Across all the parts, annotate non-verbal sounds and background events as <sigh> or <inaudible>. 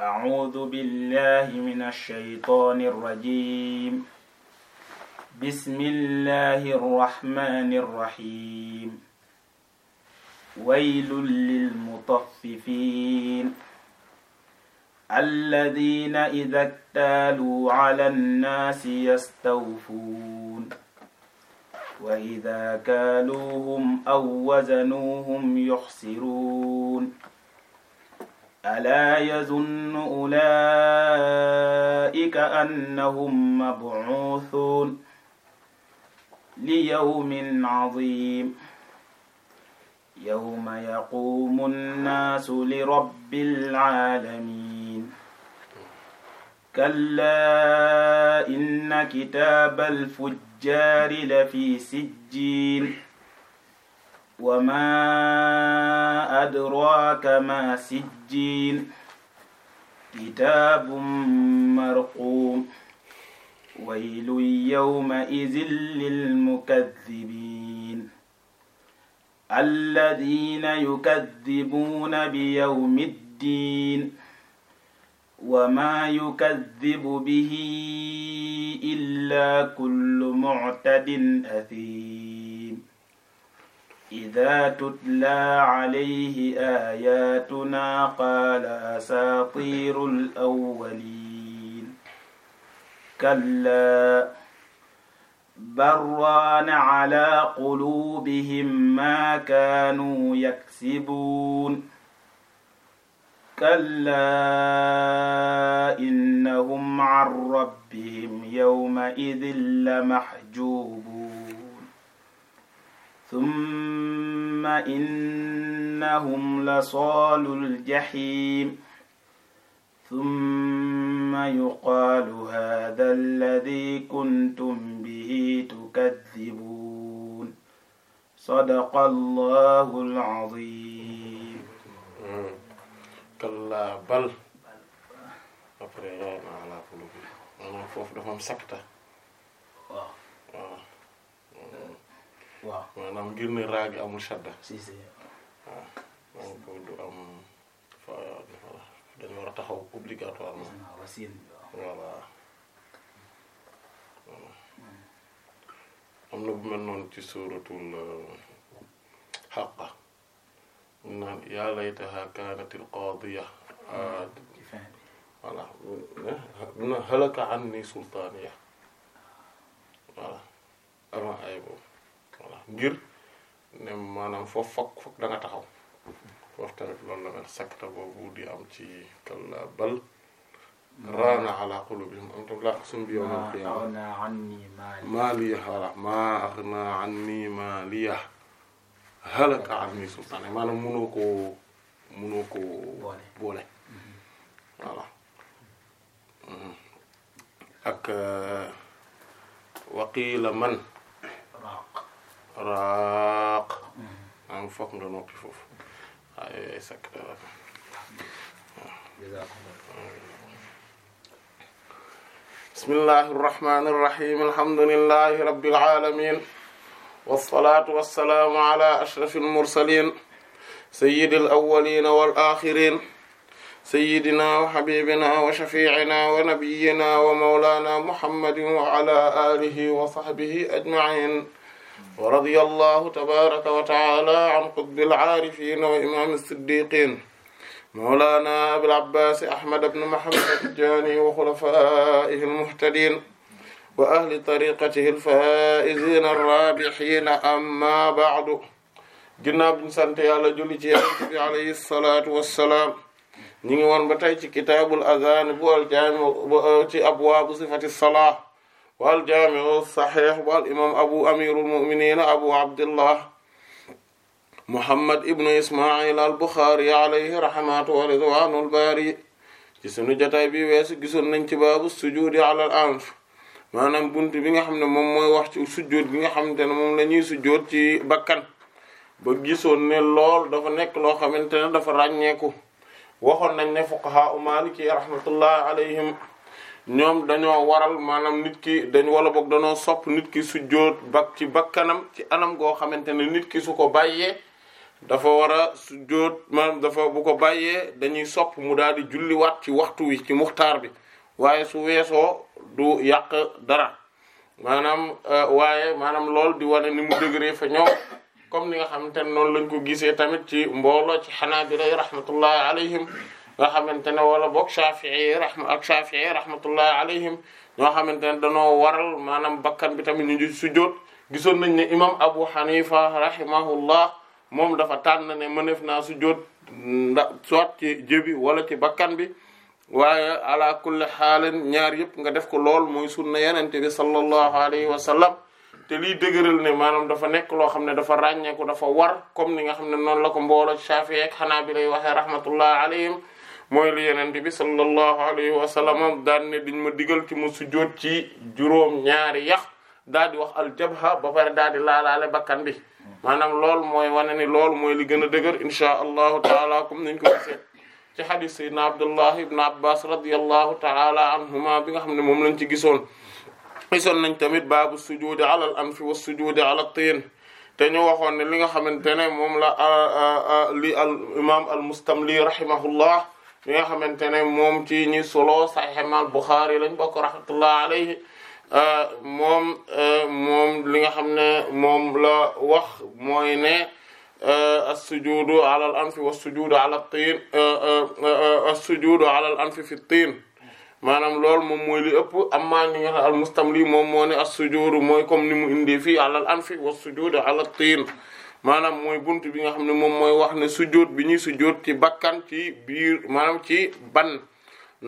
أعوذ بالله من الشيطان الرجيم بسم الله الرحمن الرحيم ويل للمطففين الذين إذا اكتالوا على الناس يستوفون وإذا كالوهم أو وزنوهم يخسرون alaa yazunnu ulaa'ika annahum mab'uusuun li yawmin 'aziim yawma yaquumu nnaasu li rabbil 'aalamiin kallaa inna kitaabal fujjaari lafii sijjiin wa maa adraaka maa sijjiin الجيل كتاب مرقوم ويل يومئذ للمكذبين الذين يكذبون بيوم الدين وما يكذب به إلا كل معتد أثيم إذا تتلى عليه آياتنا قال أساطير الأولين كلا بران على قلوبهم ما كانوا يكسبون كلا إنهم عن ربهم يومئذ لمحجوب ثم إنهم لصالوا الجحيم ثم يقال هذا الذي كنتم به تكذبون صدق الله العظيم كلا بل après foofu dafa am sakta waaw waaw maanaam ngir ne raa gi amul shadda. waaw donc du am fa dañu war taxaw obligatoirement. voilà. Hmm. am na bu mel noonu ci suuratul Haqqa euh, naan yaa laytahaa kaanatil qaadiya hmm. voilà na halaka anni sultaaniya voilà avant ay boobu. ngir ne maanaam foofu foog foog da nga taxaw foofu tamit loolu la mel sakta boobu di am ci kalla bal raana ala qulubihim am tam laa suñu bi maa ak waqiila man raaq am foog nga noppi foofu waaw ah, yooyu ay sakk dara bismillahi irrahmani irrahim alhamdulilahi rabbil alamin wasalaatu wasalaamu ala ashraf almursalin sayidi alawalina wal axirin sayidina wa xabibina wa shafiicina wa nabiyina wa mawlana muhammadin wa ala alihi wa sahbihi ajmain wa radiya allahu tabaraka wa taala an qutbil aarifin wa imam siddiqin mawlana abil abbas ahmad ibn muhammad at-tijani wa khulafaihi al-muhtadin wa ahli tariqatihi al-faizin ar-rabihin amma ba'du ginnaaw bi ñu sant yàlla julli ci yonent bi alayhi salaatu wassalaam ñu ngi woon ba tey ci kitaabul azaan bu al jaami ci abwaabu sifati salaa wal jaami'u saxiix wal imaam abu amirul mu'miniina abu abdillah muhammad ibnu isma'il al buxaari alayhi rahmatu wa a baari ci sunu jotaay bi weesu gisoon nañ ci baabu sujuudi alal anf maanaam bunt bi nga xam ne moom mooy wax ci sujjóot bi nga xamante ne moom la ñuy sujjóot ci bakkan ba gisoon ne lool dafa nekk loo xamante ne dafa ràññeeku waxoon nañ ne fuqahaa u maaliki rahmatullahi alayhim ñoom dañoo waral maanaam nit ki dañ wala boog dañoo sopp nit ki su jóot bak ci bakkanam ci anam goo xamante ne nit ki su ko bàyyee dafa war a su jóot maanaam dafa bu ko bàyyee dañuy sopp mu daal di julliwaat ci waxtu wi ci muxtaar bi waaye su weesoo du yàq dara maanaam euh, waaye maanaam lool di wane ni mu degré fa ñoom comme ni nga xam ne noonu lañ ko gisee tamit ci mbooloo ci xanaabila rahmatullahi alayhim nga xamante ne wala boog Shafi'i rahma ak Shafi'i rahmatullahi alayhim ñoo xamante ne danoo waral maanaam bakkan bi tamit ñu ngi sujjóot gisoon nañ ne imam Abu Hanifa rahimahullah moom dafa tànn ne mëneef naa sujjóot ndax soit ci jëbi wala ci bakkan bi waaye ala kulli xaalen ñaar yëpp nga def ko lool mooy sunna yenente bi sallallahu alayhi wa sallam te liy dëgëral ne maanaam dafa nekk loo xam ne dafa ràññeeku dafa war comme ni nga xam ne noonu la ko mbooloo Shafi'i ak Hanabila lay mooy li yeneen bi sallallahu alayhi wa sallam daan ne diñ ma digal ci ma sujjóot ci juróom ñaari yax daal di wax aljabha ba pare daal di laalaale bakkan bi maanaam lool mooy wane ni loolu mooy li gën a dëgër inshaa allahu taala comme niñ ko gisee ci xadis saydna abdullah ibn abbas radiallahu taala anhuma bi nga xam ne moom lañ ci gisoon gisoon nañ tamit baabu sujuudi ala al anfi wa sujuudi ala tiin te ñu waxoon ne li nga xamante ne moom la li al imam al mustamli rahimahullah li nga xamante ne moom ci ñi solo Sahih al Bukhari lañ bokk rahmatullah alayhi euh, moom euh, moom li nga xam ne moom la wax mooy ne euh, as-sujudu ala al-anfi was-sujudu ala at-tin as-sujudu ala al-anfi fi at-tin maanaam loolu moom mooy li ëpp amma ni nga al mustamli moom moo ne as-sujudu mooy comme ni mu indi fii ala anfi was-sujudu ala at-tin maanaam mooy bunt bi nga xam ne moom mooy wax ne sujjóot bi ñuy sujjóot ci bakkan ci biir maanaam ci ban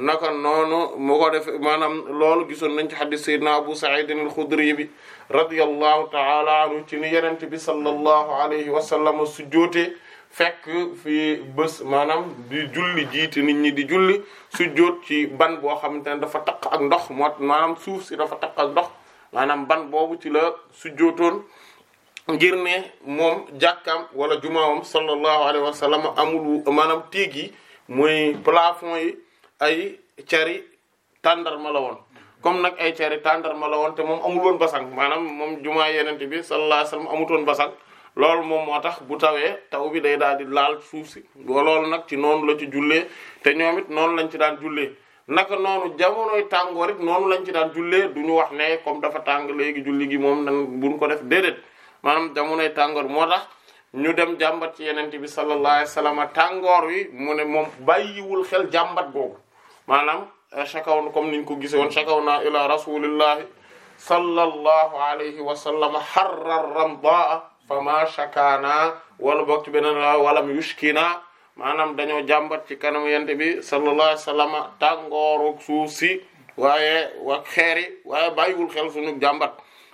naka noonu mu ko def maanaam loolu gisoon nañ ci xadis sayyidina abu sa'id al-xudri bi radiyallahu ta'ala anhu ci ni yenente bi sallallahu alayhi wa sallam sujjóote fekk fi bés maanaam di julli jiite nit ñi di julli sujjóot ci ban boo xamante ne dafa taq ak ndox moo maanaam suuf si dafa taq ak ndox maanaam ban boobu ci la sujjóotoon ngir ne moom jàkkaam wala jumaawam sallallahu alayhi wa sallam amul maanaam tiig yi mooy plafond yi ay cari tàndarma la woon comme nag ay cari tàndarma la woon te moom amul woon basang maanaam moom jumaa yenente bi sallallahu alayhi wa sallam amutoon basang loolu moom moo tax bu tawee taw bi day daal di laal suuf si boo loolu nag ci noonu la ci jullee te ñoom it noonu lañ ci daan jullee naka noonu jamonoy tàngoor it noonu lañ ci daan jullee du ñu wax ne comme dafa tàng léegi julli gi moom nan buñ ko def déedéet maanaam jamonoy tàngoor moo tax ñu dem jàmbat ci yenente bi sallallahu alayhi wasallam tàngoor wi mu ne moom bàyyiwul xel jàmbat googu maanaam eh, chakaw comme niñ ko gise woon chakaw naa ila rasulillahi sallallahu alayhi wa sallam harra ramdaa fama chakaana wala bokk ci beneen la walam yushkina maanaam dañoo jàmbat ci kanam yente bi sallallahu alayhi wasallam tàngooru suuf si waaye wa xeeri waaye bàyyiwul xel suñu jàmbat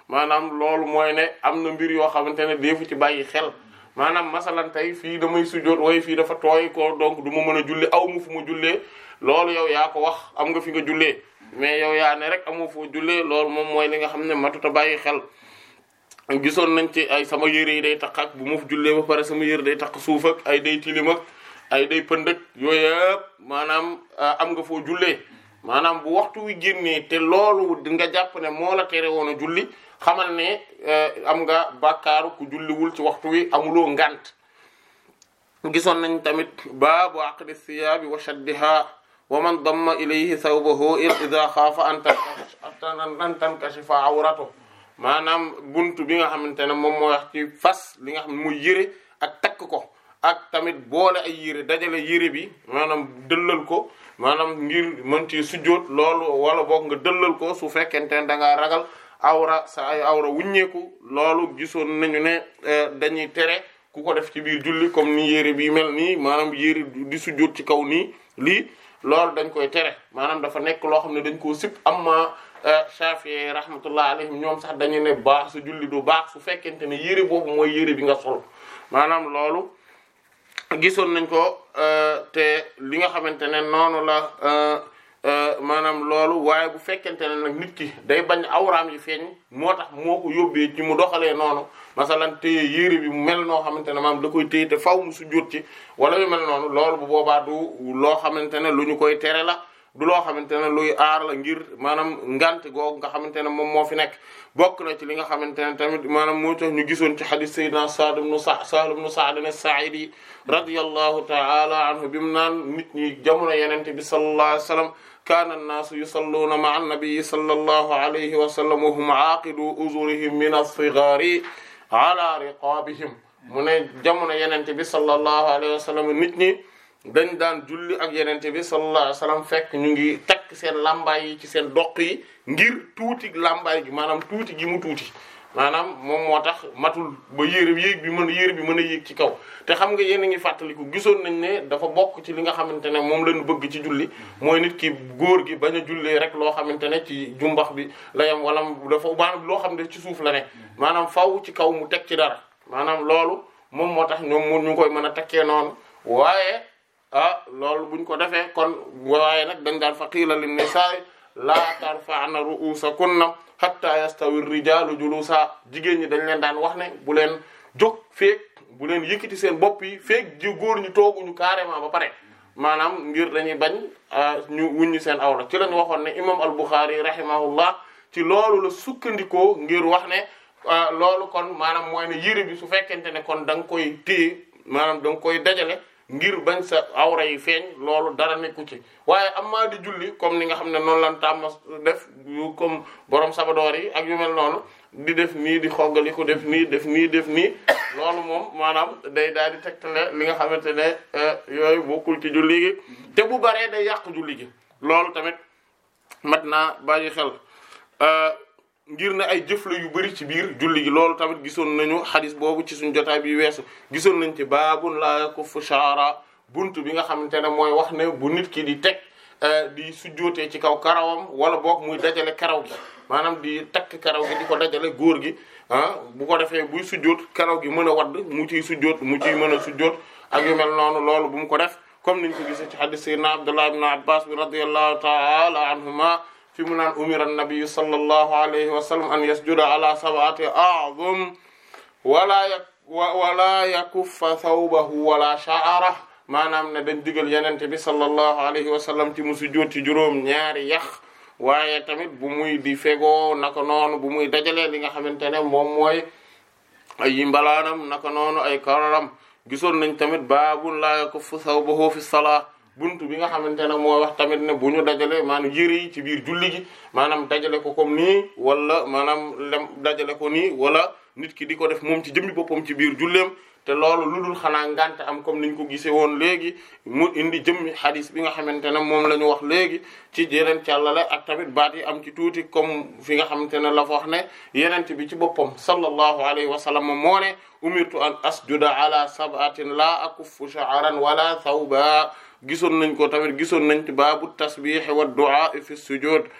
maanaam loolu mooy ne am na mbir yoo xamante ne deefu ci bàyyi xel maanaam masalan tey fii damay sujjóot waaye fii dafa tooy ko donc du ma mën a julli aw mu fu ma jullee loolu yow yaa ko wax am nga fi nga jullee mais yow yaa ne rek amoo foo jullee loolu moom mooy li nga xam ne matuta bàyyi xel gisoon nañ ci ay sama yére yi day taq ak bu ma jullee ba pare sama yére day taq suuf ak ay day tilim ak day pënd ak maanaam ah, am nga foo jullee maanaam bu waxtu wi génnee te loolu nga jàpp ne moola tere woon a julli xamal ne eh, am nga bàkkaaru ku julliwul ci waxtu wi amuloo ngant gisoon nañ tamit baabu aqdi siyaabi wa shaddiha wa man damma ilayhi thawbahu ida xaafa an tankashifa awrato maanaam buntu bi nga xamante ne moom moo ci fas li nga xam ne muy yére ak takk ko ak tamit boole ay yére dajale yére bi maanaam dëllal ko maanaam ngir mën ci sujjóot loolu wala boog nga dëllal ko su fekkente ne da ngaa ragal awra sa awra wuññeeku loolu gisoon nañu ne eh, dañuy tere ku ko def ci biir julli comme ni yére bi mel nii maanaam yére di sujjóot ci kaw nii lii loolu dañ koy tere maanaam dafa nekk loo xam ne dañ koo sip amma eh, Shafi'i rahmatullah alayhim ñoom sax dañu ne baax su julli du baax su fekkente ne yére boobu mooy yére bi nga sol maanaam loolu gisoon nañ ko eh, te li nga xamante ne noonu la Euh, maanaam loolu waaye bu fekkente ne nag nit ki day bañ awraam yi feeñ moo tax moo ko yóbbee ci mu doxalee noonu masalan téye yére bi mu mel noo xamante ne maam da koy faw mu sujjóot ci wala yu mel noonu loolu bu boobaa du loo xamante ne lu ñu koy tere la du loo xamante ne luy aar la ngir maanaam ngante googu nga xamante ne moom moo fi nekk bokk na ci li nga xamante ne tamit maanaam moo tax ñu gisoon ci xadis sayyidina Saad ibn Sa Sahl ibn Sa'd as-Sa'idi radiyallahu ta'ala anhu bi mu naan nit ñi jamono yenente bi sallallahu alayhi wasallam kaana nnaasu yusalluuna ma'a nnabii sallallahu alayhi wa sallam wa hum aaqidu uzurihim min as-sigaari ala riqaabihim mu ne jamono yenente bi sallallahu alayhi wa sallam nit ñi dañ daan julli ak yenente bi sallallahu alayhi wa sallam fekk ñu ngi takk seen làmbaay yi ci seen doq yi ngir tuuti làmbaay gi maanaam tuuti gi mu tuuti maanaam moom moo tax matul ba yére yéeg bi mën yére bi mën a yéeg ci kaw te xam nga yéen a ngi fàttaliku gisoon nañ ne dafa bokk ci li nga xamante ne moom lañu bëgg ci julli mooy nit ki góor gi bañ a jullee rek loo xamante ne ci jumbax bi la yem wala dafa maanaam loo xam ne ci suuf la ne maanaam faw ci kaw mu teg ci dara maanaam loolu moom moo tax ñoom mu ñu koy mën a takkee noonu waaye ah loolu buñ ko defee kon waaye nag dañ daan fa xiila lim ne saay laa tarfa'na ru'usakunna hatta yastawi rijaalu julusa jigéen ñi dañ leen daan wax ne bu leen jóg feeg bu leen yëkkati seen bopp yi feeg ji góor ñi tooguñu carrément ba pare maanaam ngir dañuy bañ ñu wuññi seen awra ci lañ waxoon ne imam al-Bukhari rahimahullah ci loolu la sukkandikoo ngir wax ne loolu kon maanaam mooy ne yére bi su fekkente ne kon da nga koy téye maanaam da koy dajale ngir bañ sa awra yi feeñ loolu dara nekku ci waaye amaa di julli comme ni nga xam ne noonu lan tàmm def comme borom sabadoor yi ak yu mel noonu di def nii di xoggali ko def nii def nii def nii <coughs> loolu moom maanaam day daal di tegtale li nga xamante ne euh, yooyu bokkul ci julli gi te bu baree day yàqu julli gi loolu tamit mat naa bàyyi xel euh, ngir ne ay jëf yu bari ci biir julli gi loolu tamit gisoon nañu xadis boobu ci suñu jotaay bi weesu gisoon nañ ci baabun laa ko fu shaara bunt bi nga xamante ne mooy wax ne bu nit ki di teg eh, di sujjootee ci kaw karawam wala book muy dajale karaw gi maanaam di takk karaw gi di ko dajale góor gi ah bu ko defee buy sujjoot karaw gi mën a wadd mu ciy sujjoot mu ciy mën a sujjoot ak yu mel noonu loolu bu mu ko def comme niñ ko gisee ci xadis sayyidina Abdullah ibn Abbas bi radiyallahu taala anhuma fi mu naan umira nabiyu sallallahu alayhi wa sallam an yasjuda ala sab'ati a'zum wala ya wala yakuffa sha'ara maanaam ne dañ digal yenente bi sallallahu alayhi wa sallam ci musu jóot yax waaye tamit bu muy di fegoo naka bu muy dajalee li nga xamante ne moom mooy ay mbalaanam naka noonu ay kararam gisoon nañ tamit baabun la yakuffu thawbahu fi salaa buntu bi nga xamante ne moo wax tamit ne bu ñu dajale maanaam yére yi ci biir julli gi maanaam dajale ko comme nii wala maanaam lem dajale ko nii wala nit ki di ko def moom ci jëmmi boppam ci biir julleem te loolu lu dul xanaa ngante am comme niñ ko gisee woon léegi mu indi jëmmi xadis bi nga xamante ne moom la ñu wax léegi ci yeneen càllale ak tamit baat yi am ci tuuti comme fi nga xamante ne la fa wax ne yenent bi ci boppam sallallahu alayhi wa sallam moo ne umirtu an asjuda ala sabatin la akuffu sha'ran wala thawba gisoon nañ ko tamit gisoon nañ ci baabu tasbiih wa du'a fi sujud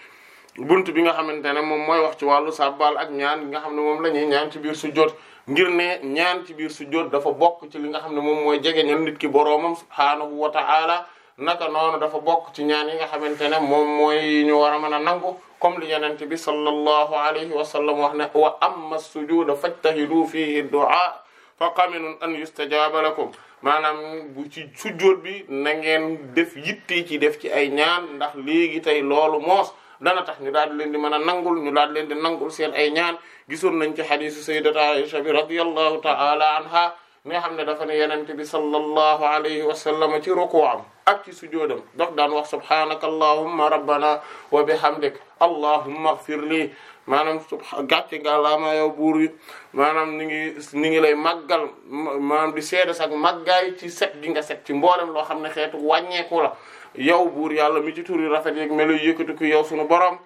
bunt bi nga xamante ne moom mooy wax ci wàllu sabbal ak ñaan nga xam ne moom la ñuy ñaan ci biir sujjóot ngir ne ñaan ci biir sujjóot dafa bokk ci li nga xam ne moom mooy jege ñan nit ki boro boroomam subhaanahu wa ta'ala naka noonu dafa bokk ci ñaan yi nga xamante ne moom mooy ñu war a mën a nangu comme li yenente bi sallallahu alayhi wa sallam wax ne wa amma sujuda fajtahidu fihi du'a fa qaminun an yustajaba lakum maanaam bu ci sujjóot bi na ngeen def yitte ci def ci ay ñaan ndax léegi tey loolu moos dana tax ñu daal di leen di mën a nangul ñu daal di leen di nangul seen ay ñaan gisoon nañ ci xadiisu sayyidati Aisha bi radiyallahu ta'ala anha mi nga xam ne dafa ne yenente bi sallallahu alayhi wa sallam ci rukuu am ak ci sujoodam dox daan wax subhanaka allahumma rabbana wa bihamdik allahumma ighfir li maanaam subha gàcce ngàllaama yow buur yi maanaam ni ngi ni ngi lay màggal maanaam di seede sax màggaay ci set gi nga set ci mboolem loo xam ne xeetu wàññeeku la yow buur yàlla mi ci tur yu rafet yeeg melo yëkkati ko yow suñu borom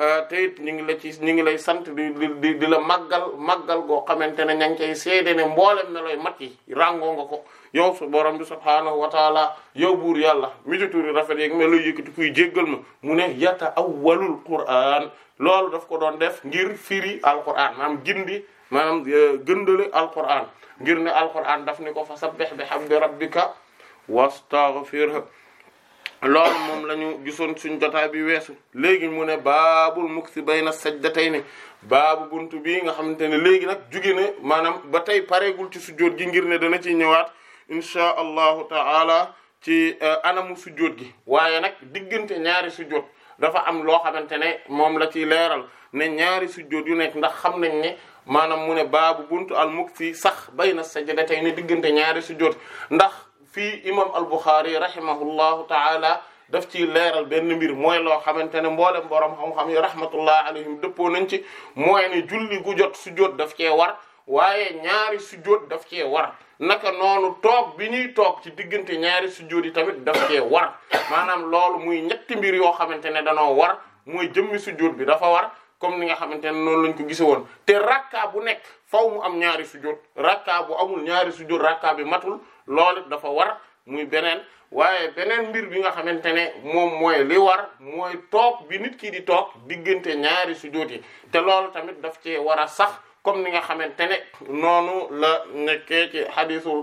euh, te it ñu ngi la ci ñu ngi lay sant di di di màggal màggal goo xamante ne ña ngi cay seede ne mboolem melooy mat yi ràngoo nga ko yow su borom bi subhaanahu wa taala yow buur yàlla mi ci yu rafet yeeg melo yëkkati kuy jéggal ma mu ne yata awwalul qur'an loolu daf ko doon def ngir firi alquran maanaam gindi maanaam e, gëndale alquran ngir ne alquran daf ni ko fa sabbih bihamdi rabbika wastaghfirhu loolu moom la ñu gisoon suñ jotaay bi weesu léegi mu ne baabul mukti bayna sajdatayni baabu buntu bi nga xamante ne léegi nag juge na maanaam ba tey pareegul ci sujjóot gi ngir ne dana ci ñëwaat insha allahu ta'ala ci e, anamu sujjóot gi waaye nag diggante ñaari sujjóot dafa am loo xamante ne moom la ciy leeral ne ñaari sujjóot yu nekk ndax xam nañ ne maanaam mu ne baabu buntu al mukti sax bayna sajdatayni ne diggante ñaari sujjóot ndax fii imam al Bukhari rahimahullahu taala daf ci leeral benn mbir mooy loo xamante ne mboolem borom xam-xam yi rahmatullah alayhim dëppoo nañ ci mooy ne julli gu jot sujjóot daf cee war waaye ñaari sujjóot daf cee war naka noonu toog bi ñuy toog ci diggante ñaari sujjóot yi tamit daf cee war maanaam loolu muy ñetti mbir yoo xamante ne danoo war mooy jëmmi sujjóot bi dafa war comme ni nga xamante ne noonu lañ ko gise woon te rakka bu nekk faw mu am ñaari sujjóot rakka bu amul ñaari sujjóot rakka bi matul loolu dafa war muy beneen waaye beneen mbir bi nga xamante ne moom mooy li war mooy toog bi nit ki di toog diggante ñaari sujjóot yi te loolu tamit daf cee war a sax comme ni nga xamante ne noonu la nekkee ci xadiisul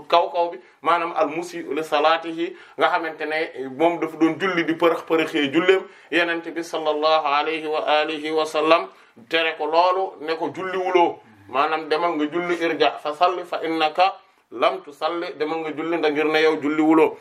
bi maanaam al musii'u li salaatihi nga xamante ne moom dafa doon julli di përëx përëxee julleem yenente bi sallallahu alayhi wa alihi wa sallam tere ko loolu ne ko julliwuloo maanaam demal nga julli irja fa salli fa innaka lam tusalli demal nga julli nda ngir ne yow julliwuloo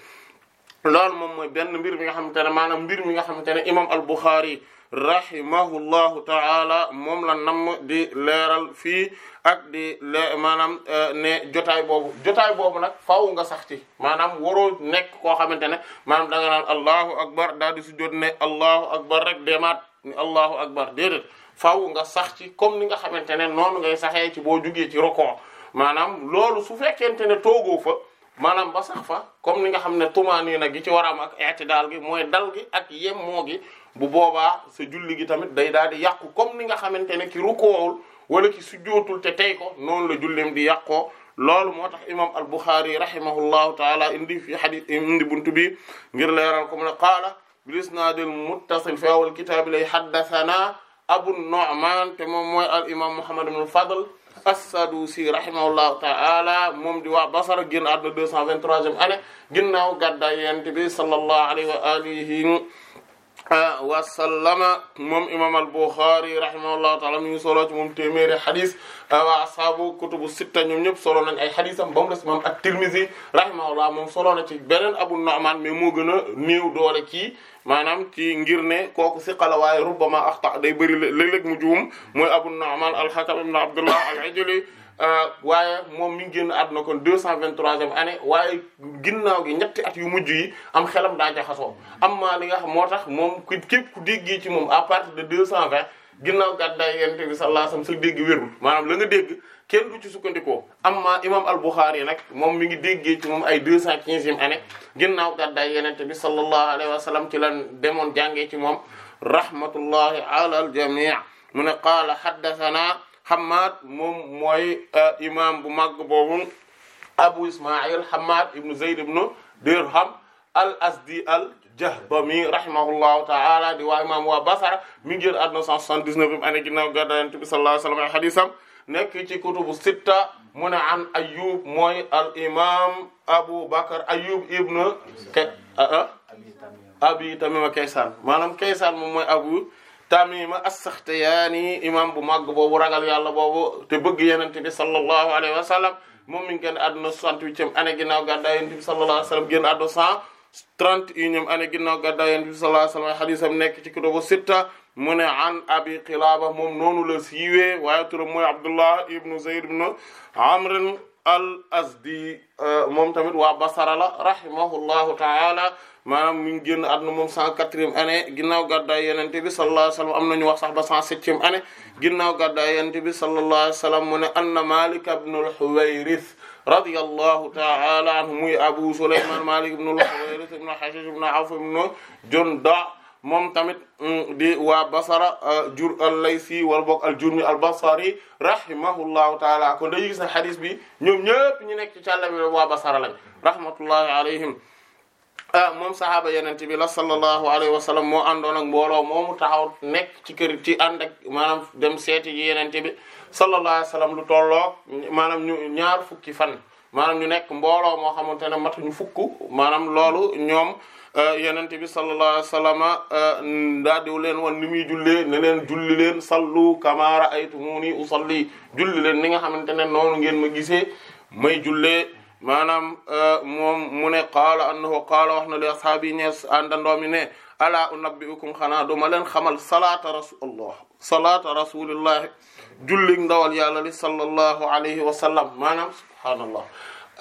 loolu moom mooy benn mbir mi nga xamante ne maanaam mbir mi nga xamante ne imam al Bukhari rahimahullahu ta'ala moom la namm di leeral fii ak di le maanaam e, ne jotaay boobu jotaay boobu nag faaw nga sax ci maanaam waroo nekk koo xamante ne maanaam da nga naan allahu akbar daal di sujjóot ne allahu akbar rek demaat ni allahu akbar déedéet faaw nga sax ci comme ni nga xamante ne noonu ngay saxee ci boo jugee ci roko maanaam loolu su fekkente ne maanaam ba sax fa comme ni nga xam ne tumaaniina gi ci war a am ak i'tidaal gi mooy dal gi ak yem moo bu boobaa sa julli gi tamit day daal di yàqu comme ni nga xamante ne ki rukoowul wala ki sujjootul te tey ko noonu la julleem di yàqoo loolu moo tax imam al-Bukhari rahimahullahu taala indi fi hadith indi buntu bi ngir leeral ko mu ne qaala bil isnaadil muttasil fi awal kitaabi lay haddathana abu nu'man te moom mooy al imam muhammad ibn al-Fadl as-Sadusi rahimahullahu ta'ala moom di waa Basra génn àdduna 223e année ginnaaw gàddaay Yonent bi sallallahu alayhi wa alihi wa sallama moom imam al-Bukhari rahimahullahu taala mi ngi solo ci moom téeméeri xadis wa ashabu kutubu sitta ñoom ñëpp solo nañ ay xadisam ba mu des moom at-Tirmizi rahimahullah moom solo na ci beneen Abu Nu'man mais moo gën a néew doole ki maanaam ci ngir ne kooku si qala waaye rubbama axta day bëri léeg-léeg mu juum mooy Abu Nu'man al-Hakam ibn Abdullah al-Ajli Euh, waaye moom mi ngi génn àdduna kon deux cent vingt-troisième année waaye ginnaw gi ñetti at yu mujj yi am xelam daa jaxasoo am maa li nga xam moo tax moom képp ku déggee ci moom à partir de deux cent vingt ginnaaw gàddaay yonent bi sallallahu alayhi wasallam sa dégg wérul maanaam la dégg kenn du ci sukkandikoo amma imam al-Bukhari nag moom mi ngi déggee ci moom ay deux cent quinzième année ginnaaw gàddaay yonent bi sallallahu alayhi wasallam ci lan demoon jàngee ci moom rahmatullahi ala al-jami' mu ne qaala haddathana Hammad moom mooy euh, imam bu mag boobu Abu Ismail Hammad ibn Zayd ibn Dirham al Asdi al Jahdami rahimahullahu ta'ala di waa imam waa Basra mi ngi jël àdduna 179 année ginnaaw gàddaay Yonent bi sallallahu alayhi wa sallam ay hadiisam nekk ci kutubu sitta mu ne an Ayyub mooy al imam Abu Bakr Ayyub ibn Abi Tamima ah, ah, Kaysan maanaam Kaysan moom mooy Abu Tamiima as-Saxtiyaani imam bu màgg boobu ragal yàlla boobu te bëgg Yonent bi sallallahu alayhi wa sallam moom mi ngi génn àdduna 68e année ginnaaw gàddaay Yonent bi sallallahu alayhi wa sallam génn àdduna 131e année ginnaaw gàddaay Yonent bi sallallahu alayhi wa sallam hadiisam nekk ci kutubu sitta mu ne an Abi Qilaaba moom noonu la siiwee waaye turam mooy Abdullah ibnu Zayd ibnu Amr al-Azdi moom tamit waa Basra la ta'ala maanaam mi ngi génn àdduna moom cent quatrième année ginnaaw gàddaay yenente bi sallallahu alayhi wa sallam am nañu wax sax ba cent septième ginnaaw gàddaay yenente bi sallallahu alayhi wa mu ne anna Malik ibn al-Huwayrith radiyallahu ta'ala anhu muy Abu Sulayman Malik ibn al-Huwayrith ibn Hashish ibn Awf ibn Junda moom tamit mm, di waa basara euh, jur al-Laysi wala boog al-Jurmi al-Basri rahimahullahu taala kon dañuy gis ne bi ñoom ñëpp ñu nekk ci càlla waa basara lañ rahmatullahi alayhim Ah, moom sahaaba yenente bi la sallallahu alayhi wa sallam moo àndoon ak mbooloo moomu taxaw nekk ci kër ci ànd ak maanaam dem seeti yi yenente bi sallallahu alayhi wa lu tolloog maanaam ñu ñaar fukki fan maanaam ñu nekk mbooloo moo xam ne matu ñu fukk maanaam loolu ñoom ah, yenente bi sallallahu alayhi wa sallam ah, daa diw leen wan ni muy jullee ne leen julli leen sallu kama ra'aytumuni usalli julli leen ni nga xamante ne noonu ngeen ma gisee may jullee maanaam euh, moom mu ne qaala annahu qaala wax na li ashaabi ñees àndandoo mi ne ala unabbiukum xanaa duma leen xamal salaata rasulullah salaata rasulillahi jullig ndawal yàlla li sallallahu alayhi wa sallam maanaam subhaanallah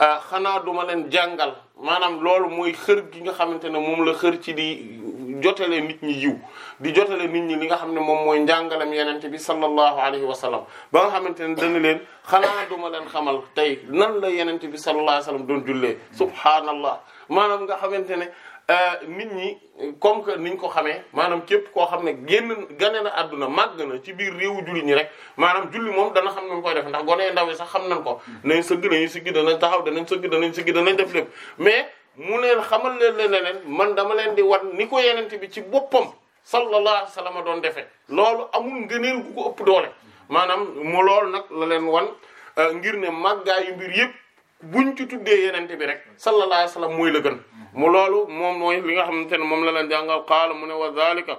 euh, xanaa duma leen jàngal maanaam loolu mooy xër gi nga xamante ne moom la xër ci di jotalee nit ñi yiw di jotale nit ñi li nga xam ne moom mooy njàngalam yenente bi sallallahu alayhi wa sallam ba nga xamante ne dana leen xanaa duma leen xamal tey nan la yenente bi sallallahu alayhi wa sallam doon jullee subhaanallah maanaam nga xamante ne euh, nit ñi comme que niñ ko xamee maanaam képp koo xam ne génn gane na àdduna màgg na ci biir réewu julli ñi rek maanaam julli moom dana xam nañ koy def ndax gone ndaw yi sax xam nañ ko mm. nañ sëgg nañu sëgg danañ taxaw danañ sëgg danañ sëgg danañ def lépp mu neen xamal leen ne leneen man dama leen di wan ni ko yenente bi ci boppam sallallahu alayhi wa sallam doon defee loolu amul ngëneel gu ko ëpp doole maanaam mu loolu nag la leen wan euh, ngir ne màggaayu mbir yëpp buñ ci tuddee yenente bi rek sallallahu alayhi wa sallam mooy la gën mu loolu moom mooy li nga xamante ne moom la leen jàngal qaala mu ne wa zalika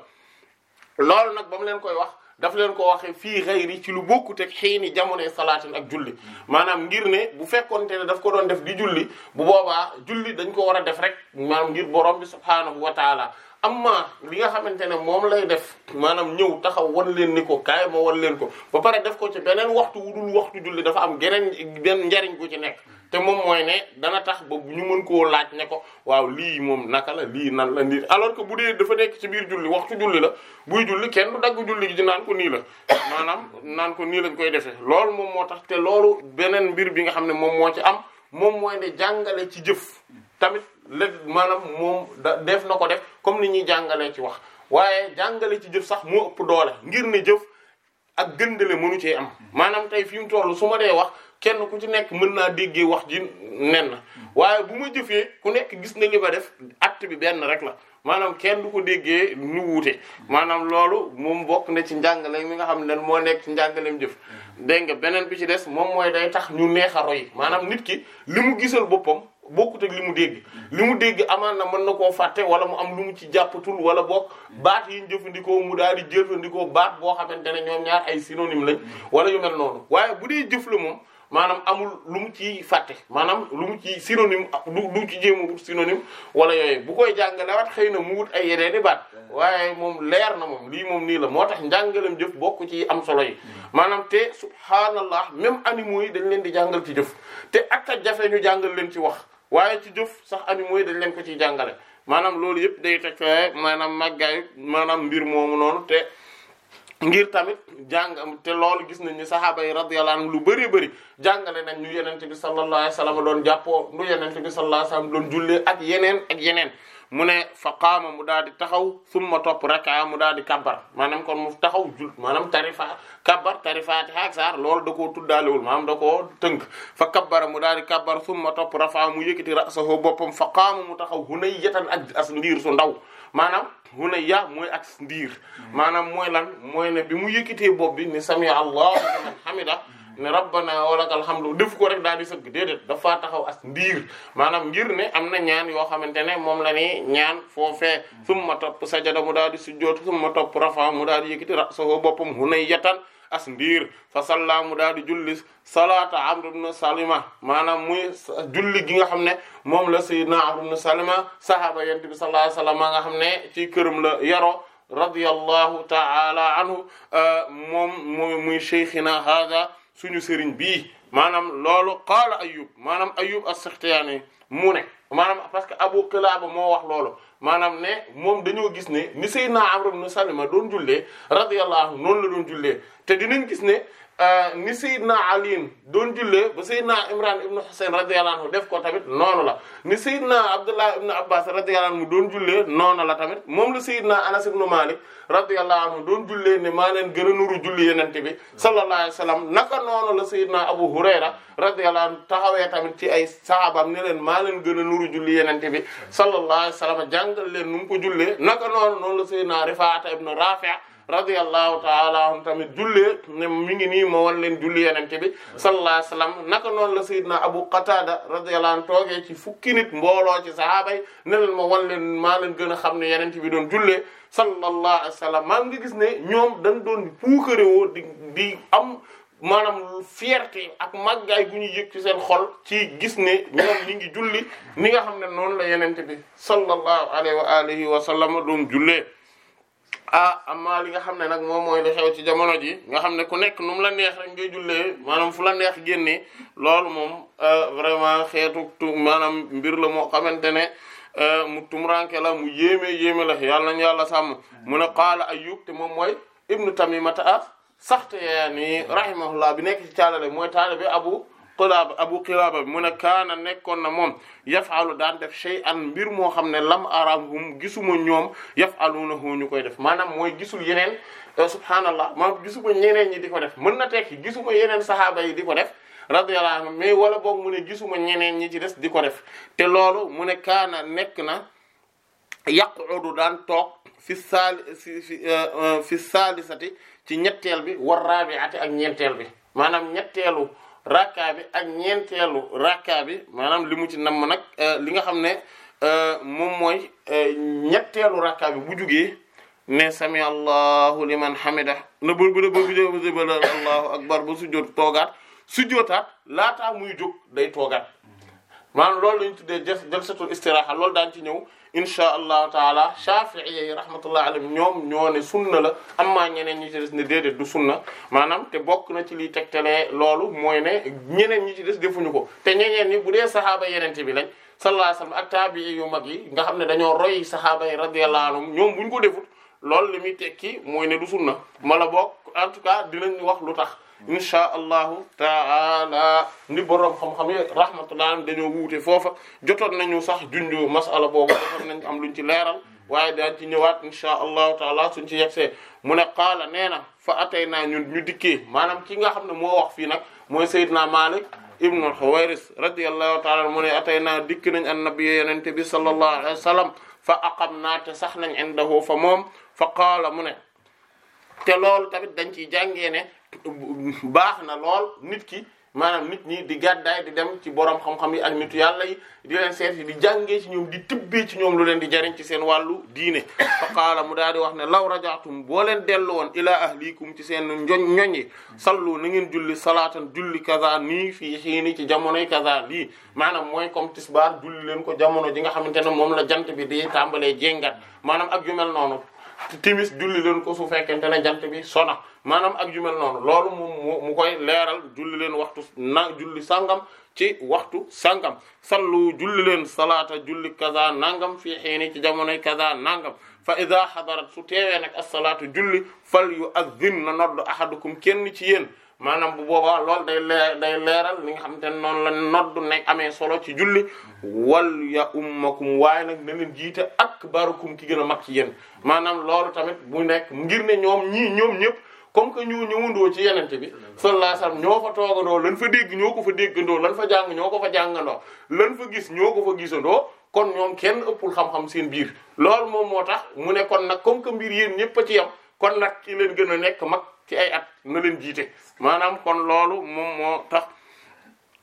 loolu nag ba leen koy wax daf leen ko waxee fii xayri ci lu bokkut ak xiini jamonoy salaatin ak julli maanaam ngir ne bu fekkonte ne daf ko doon def di julli bu boobaa julli dañ ko war a def rek maanaam ngir borom bi subhaanahu wa taala amma li nga xamante ne moom lay def maanaam ñëw taxaw wan leen ni ko kaay ma wan leen ko ba pare def ko ci beneen waxtu wudul waxtu julli dafa am geneen benn njariñ gu ci nekk te moom mooy ne dana tax ba ñu mën koo laaj ne ko waaw lii moom naka la lii nan la nii alors que bu dee dafa nekk ci biir julli waxtu julli la buy julli kenn du dagg julli gi di naan ko nii la maanaam naan ko nii lañ koy defee loolu moom moo tax te loolu beneen mbir bi nga xam ne moom moo ci am moom mooy ne jàngale ci jëf tamit lépp maanaam moom def na ko def comme ni ñuy jàngalee ci wax waaye jàngale ci jëf sax mu ëpp doole ngir ne jëf ak gëndale mënu cee am maanaam tey fi mu toll su ma dee wax kenn ku ci nekk mën naa déggee wax ji nen na waaye bu ma jëfee ku nekk gis na li ba def acte bi benn rek la maanaam kenn du ko déggee nu wuute maanaam loolu moom bokk na ci njàngale mi nga xam ne moo nekk ci njàngaleem jëf dégg nga beneen bi ci des moom mooy day tax ñu neex a roy maanaam nit ki li mu gisal boppam bokkut ak li mu dégg li mu dégg amaan na mën na ko fàtte wala mu am lu mu ci jàppatul wala bokk baat yi ñu jëfandikoo mu daal di jëfandikoo baat boo xamante ne ñoom ñaar ay synonyme lañ wala yu mel noonu waaye bu dee jëf moom maanaam amul lu mu ci fàtte maanaam lu mu ci synonyme du mu ci jéem a wut synonyme wala yooyu bu koy jàngalewaat xëy na mu wut ay yeneeni baat waaye moom leer na moom lii moom nii la moo tax njàngalem jëf bokk ci am solo yi maanaam te subhaanallah même animaux yi dañ leen di jàngal ci jëf te ak jafe ñu jàngal leen ci wax waaye ci jëf sax ami mooy dañ leen ko ciy jàngale maanaam loolu yëpp day teg maanaam màggaayu maanaam mbir moomu noonu te ngir tamit jàng te loolu gis nañ ni sahaaba yi radiyallahu anhum lu bëri bëri jàngale nañ ñu yenente bi sallallahu alayhi wasallam doon jàppoo nu yenente bi sallallahu alayhi wasallam doon jullee ak yeneen ak yeneen mu ne fa qaama mu daal di taxaw summa topp raka mu daal di kabbar maanaam kon mu taxaw jul maanaam tarifa kabbar tarifaati haak saar loolu da koo tuddaalewul maanaam da koo tënk fa kabbara mu daal di kabbar summa topp rafa mu yëkkati rasahu boppam fa qaama mu taxaw hunayatan ak as ndiir su ndaw maanaam ya mooy ak ndiir maanaam mooy lan mooy ne bi mu yëkkitee bopp bi ni sami allahu liman hamida ne rabbana walakal hamdu def ko rek daal di sëgg déedéet dafaa taxaw as ndiir maanaam ngir ne am na ñaan yoo xamante ne moom la ni ñaan foofee summa topp sajada mu daal di sujjoot summa topp rafa mu daal di yëkkati rasahu boppam hunayatan as ndiir fa salla mu daal di julli salaata amr ibn salima maanaam muy julli gi nga xam ne moom la sayyidna amr ibn salima sahaaba yent bi sallallahu alayhi nga xam ne ci këram la yaro radiyallahu ta'ala anhu moom muy suñu sëriñ bii maanaam loolu qaala ayub maanaam ayub as-Saxtiyaani mu ne maanaam parce que Abu Qilaaba moo wax loolu maanaam ne moom dañoo gis ne ni Seydina Amr ibn Salima doon jullee radiyallahu anhu noonu la doon jullee te dinañ gis ne Euh, ni Seydina Ali doon jullee ba Seydina Imran ibn Husayn radiyallahu anhu def ko tamit noonu la ni Seydina Abdullah ibn Abbas radiyallahu anhu doon jullee noonu la tamit moom la Seydina Anas ibn Malik radiyallahu anhu doon jullee ne maa leen gën a nuru julli Yonent bi sallallahu alayhi wa naka noonu la Seydina Abu Hurayra radiyallahu anhu taxawee tamit ci ay sahabaam ne leen maa leen gën a nuru julli Yonent bi sallallahu alayhi wa sallam jàngal leen naka noonu noonu Seydina Rifaata ibn radiyallahu taala anhum tamit jullee ne mi ngi nii moo wan leen julli yenente bi sallallahu alayhi naka noonu la na abu qatada radiyallahu anhu toogee ci fukki nit mbooloo ci sahaaba yi ne leen ma wan leen leen gën a xam ne yenente bi doon jullee sallallahu alayhi wasallam maa ngi gis ne ñoom dañ doon puukarewoo di di am maanaam fierté ak màggaay gu ñu yëg ci seen xol ci gis ne ñoom ñi julli ni nga xam ne noonu la yenente bi sallallahu alayhi wa alihi wa sallam doon jullee ah amaa li nga xam ne nag moom mooy li xew ci jamono ji nga xam ne ku nekk nu la neex rek ngay jullee maanaam fu la neex génnee loolu moom euh, vraiment xeetu tu maanaam mbir la moo xamante ne euh, mu tumuranke la mu yéeme yéeme la yàlla nañu yàlla sàmm mu ne qaala Ayyub te moom mooy ibnu Tamimata saxte yaani rahimahullah bi nekk ci caalale mooy taalibe Abu qilaaba abu qilaaba mu ne kaana nekkoon na moom yafalu daan def an mbir moo xam ne lam arahum gisuma ñoom yafaluunahu ñu koy def maanaam mooy gisul yeneen euh, subhaanallah maanaam gisuma ñeneen ñi di ko def mën na tekki gisuma yeneen saxaaba yi di ko def radiyallahu anhu mais wala boog mu gisuma ñeneen ñi ci des di ko def te loolu mu ne kaana nekk na odu daan toog fi saal fi fi euh, euh, ci ñetteel bi war raabiati ak ñeenteel bi maanaam ñetteelu rakkaa bi ak ñeenteelu rakkaa bi maanaam li mu ci namm nag euh, li nga xam ne euh, moom mooy euh, ñetteelu rakkaa bi bu jugee ne sami allahu liman hamida na bër bë ba bidé ba allahu akbar ba sujjoot toogaat sujjootaat laata muy jóg day toogaat maanaam loolu lañu tuddee def jël satul istiraha loolu daan ci ñëw incha allahu taala shafi'i yi rahmatullah alayhim ñoom ñoo ne sunna la amma ñeneen ñi ci des ne déedéet du sunna maanaam te bokk na ci liy tegtalee loolu mooy ne ñeneen ñi ci des defuñu ko te ñeneen ñi bu dee saxaaba yenente bi lañ sallallahu alayhi wa sallam ak taabii yu mag yi nga xam ne dañoo roy saxaaba yi radiyallahu anhum ñoom buñ ko defut loolu li muy tekki mooy ne du sunna mala bokk en tout cas dinañ wax lu tax insha allahu taala ni boroom xam-xam yi rahmatullah dañoo wuute foofa jotoon nañu sax junjoo masala boobu jotoon nañ am luñ ci leeral waaye daan ci ñëwaat insha allahu taala suñ ci yegsee mu ne qaala nee na fa atay naa ñun ñu dikki maanaam ci nga xam ne moo wax fii nag mooy Seydina Malik ibnu Xuwayris radiyallahu taala mu ne atay naa dikk nañ an nabiyya yenente bi sallallahu alayhi wa fa aqam naate sax nañ indahu fa moom fa qaala mu ne te loolu tamit dañ ciy jàngee ne baax na lool nit ki maanaam nit ñi di gàddaay di dem ci borom xam-xam yi ak nitu yàlla yi di leen seet di jàngee ci ñoom di tibbee ci ñoom lu leen di jariñ ci seen wàllu diine fa qaala mu daal di wax ne law rajaatum boo leen dellu woon ilaa ahlikum ci seen njoñ ñoñ yi sallu na ngeen julli salaatan julli kaza nii fii xiini ci jamonoy kaza lii maanaam mooy comme tisbaar julli leen ko jamono ji nga xamante ne moom la jant bi di tàmbalee jéngat maanaam ak yu noonu timis julli leen ko su fekkente ne jant bi sona maanaam ak yu mel noonu loolu mu mu koy leeral julli leen waxtu na julli sangam ci waxtu sangam sallu julli leen salaata julli kaza nangam fi xiini ci jamonoy kaza nangam fa ida xadarat su teewee nag as julli fal yu azzin na nodd ahadukum kenn ci yéen maanaam bu boobaa loolu day leer day leeral li nga xamante ne noonu la noddu nay amee solo ci julli wal ya ummakum waaye nag na leen jiite akbarukum ki gën a mag ci yéen maanaam loolu tamit bu nekk ngir ne ñoom ñii ñoom ñëpp comme que ñu ñëwandoo ci yenente bi sallallahu alayhi wasallam ñoo fa toogandoo lan fa dégg ñoo ko fa déggandoo lan fa jàng ñoo ko fa jàngandoo lan fa gis ñoo ko fa gisandoo kon ñoom kenn ëppul xam-xam seen biir loolu moom moo tax mu ne kon nag comme que mbir yéen ñëpp ci yam kon nag ki leen gën a nekk mag ci ay at na jiite maanaam kon loolu moom moo tax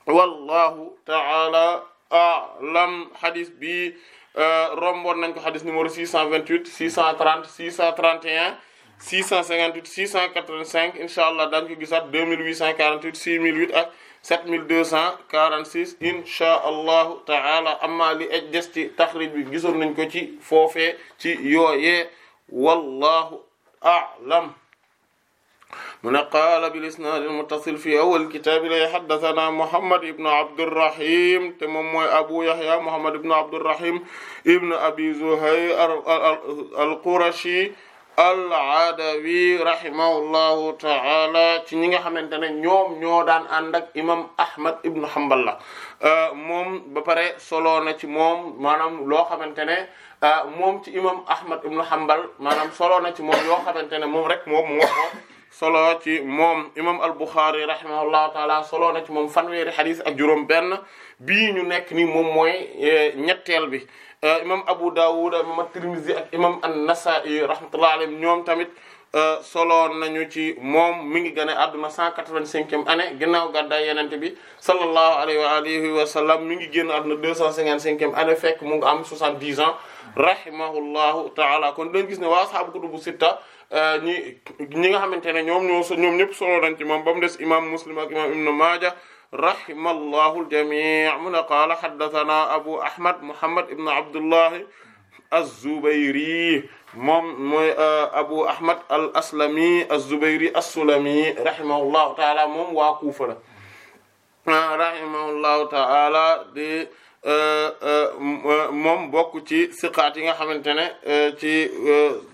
wallahu taala alam hadis bi euh, romboon nañ ko hadis numéro 628 630 631 658 685 incha allah daañu ko gisaat 2848 6008 ak 7246 incha allahu taala amma li aj des ci taxrij bi gisoon nañ ko ci foofe ci yooyee wallahu alam mu ne qaala bil isnaad al muttasil fi awal kitaab ilay xaddasanaa Muhammad ibn Abdurrahim te moom mooy Abu Yahya Muhammad ibn Abdurrahim ibn Abi Zuhayr al Qurashi al Adawi rahimahullahu taala ci ñi nga xamante ne ñoom ñoo daan ànd ak imam Ahmad ibn Hanbal la euh, moom ba pare solo na ci moom maanaam loo xamante ne. Euh, moom ci imam Ahmad ibn Hanbal maanaam solo na ci moom yoo xamante ne moom rek moom moo ko. solo ci moom imam al-Bukhari rahimahullahu taala solo na ci moom fan fanweeri xadis ak juróom benn bii ñu nekk ni moom mooy eh, ñetteel bi eh, imam Abu Dawud imam at-Tirmidhi ak imam an-Nasa'i rahmatullahi alayhim ñoom tamit Euh, solo nañu ci moom mi ngi gane àdduna 185e année ginnaaw gàddaay yenente bi sallallahu alayhi wa alihi wa sallam mi ngi génn àdduna 255e année fekk mu ngi am 70 ans rahimahullahu taala kon dañ gis ne waa ashaabu kutubu sitta euh, ñi ñi nga xamante ne ñoom ñoo ñoom ñëpp solo nañ ci moom ba mu des imam muslim ak imam ibnu maaja rahimallahu aljami mu ne qaala xaddatana abu ahmad muhammad ibnu abdullahi az-zubayri moom mooy euh, Abu Ahmad al aslami az-Zubayri as-Sulami rahimahullahu taala moom waa Kuufa la ah, rahimahullahu taala di euh, euh, moom bokk ci siqaat yi nga xamante ne ci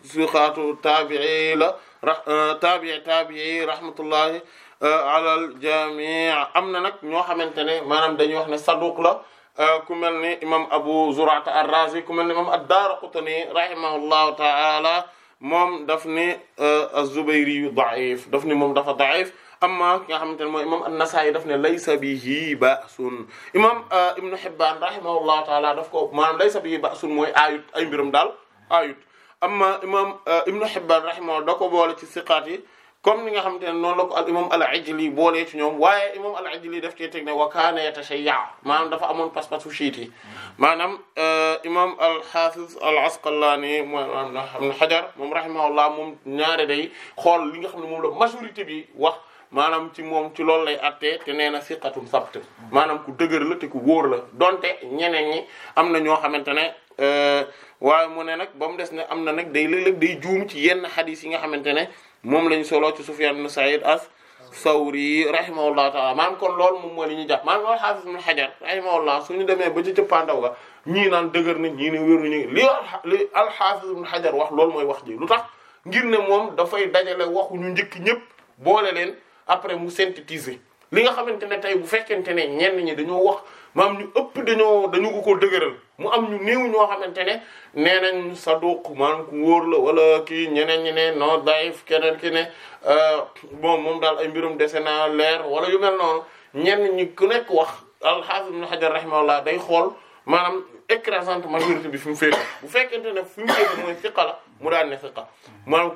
siqaatu taabii la ra taabii taabii rahmatullahi alal jamii am na nag ñoo xamante ne maanaam dañuy wax ne saduq la Euh, ku mel ni imam Abu Zur'ata ar-Razi ku mel ni imam ad-Daraqutni rahimahullahu ta'ala moom daf ni euh, az-Zubayri da'if daf ni moom dafa da'if amma ki nga xamante ne mooy imam an-Nasa'i daf ne laysa bihi ba'sun imam euh, Ibn Hibban rahimahullahu ta'ala daf ko maanaam laysa bihi ba'sun mooy ayut ay mbirum daal ayut amma imam Ibn Hibban rahimahullahu da ko boole ci siqaat yi comme ni nga xamante ne noonu la ko al imam al-Ajli boolee ci ñoom waaye imam al-Ajli def cee teg ne wa kaana yatashayya maanaam dafa amoon pas-pasu chiite yi maanaam euh, imam al-Hafiz al-Asqalani moom xam ne Hajar moom rahimahullah moom ñaare day xool li nga xam ne moom la majorité bi wax maanaam ci moom ci loolu lay attee te nee na siqatun sabt maanaam ku dëgër la te ku wóor la donte ñeneen ñi am na ñoo xamante ne euh, waaye mu ne nag ba des ne am na nag day léeg-léeg day juum ci yenn xadis yi nga xamante ne moom lañ soloo ci Sufyan ibn Sa'id as Sawri rahimahullahu taala maanaam kon lool moom mooy li ñuy jàpp maanaam loolu Hafiz ibn Hajar rahimahullah suñu demee ba ci cëppaandaw ga ñii naan dëgër na ñii ne wéru ñu li al-Hafiz ibn wax loolu mooy wax ji lu tax ngir ne moom dafay dajale waxu ñu njëkk ñëpp boole leen après mu synthétiser li nga xamante ne tey bu fekkente ne ñenn ñi dañoo wax maam ñu ëpp dañoo dañu ko ko dëgëral mu am ñu néew ñoo xamante ne nee nañ saduq maanaam ku wóor la wala kii ñeneen ñi ne non daif keneen ki ne euh, bon moom daal ay mbirum dese na leer wala yu mel noonu ñenn ñi ku nekk wax al-Hafiz Ibn Hajar rahimahullah day xool maanaam écrasante majorité bi fi mu féete bu fekkee ne fi mu féete mooy mu daan ne siqa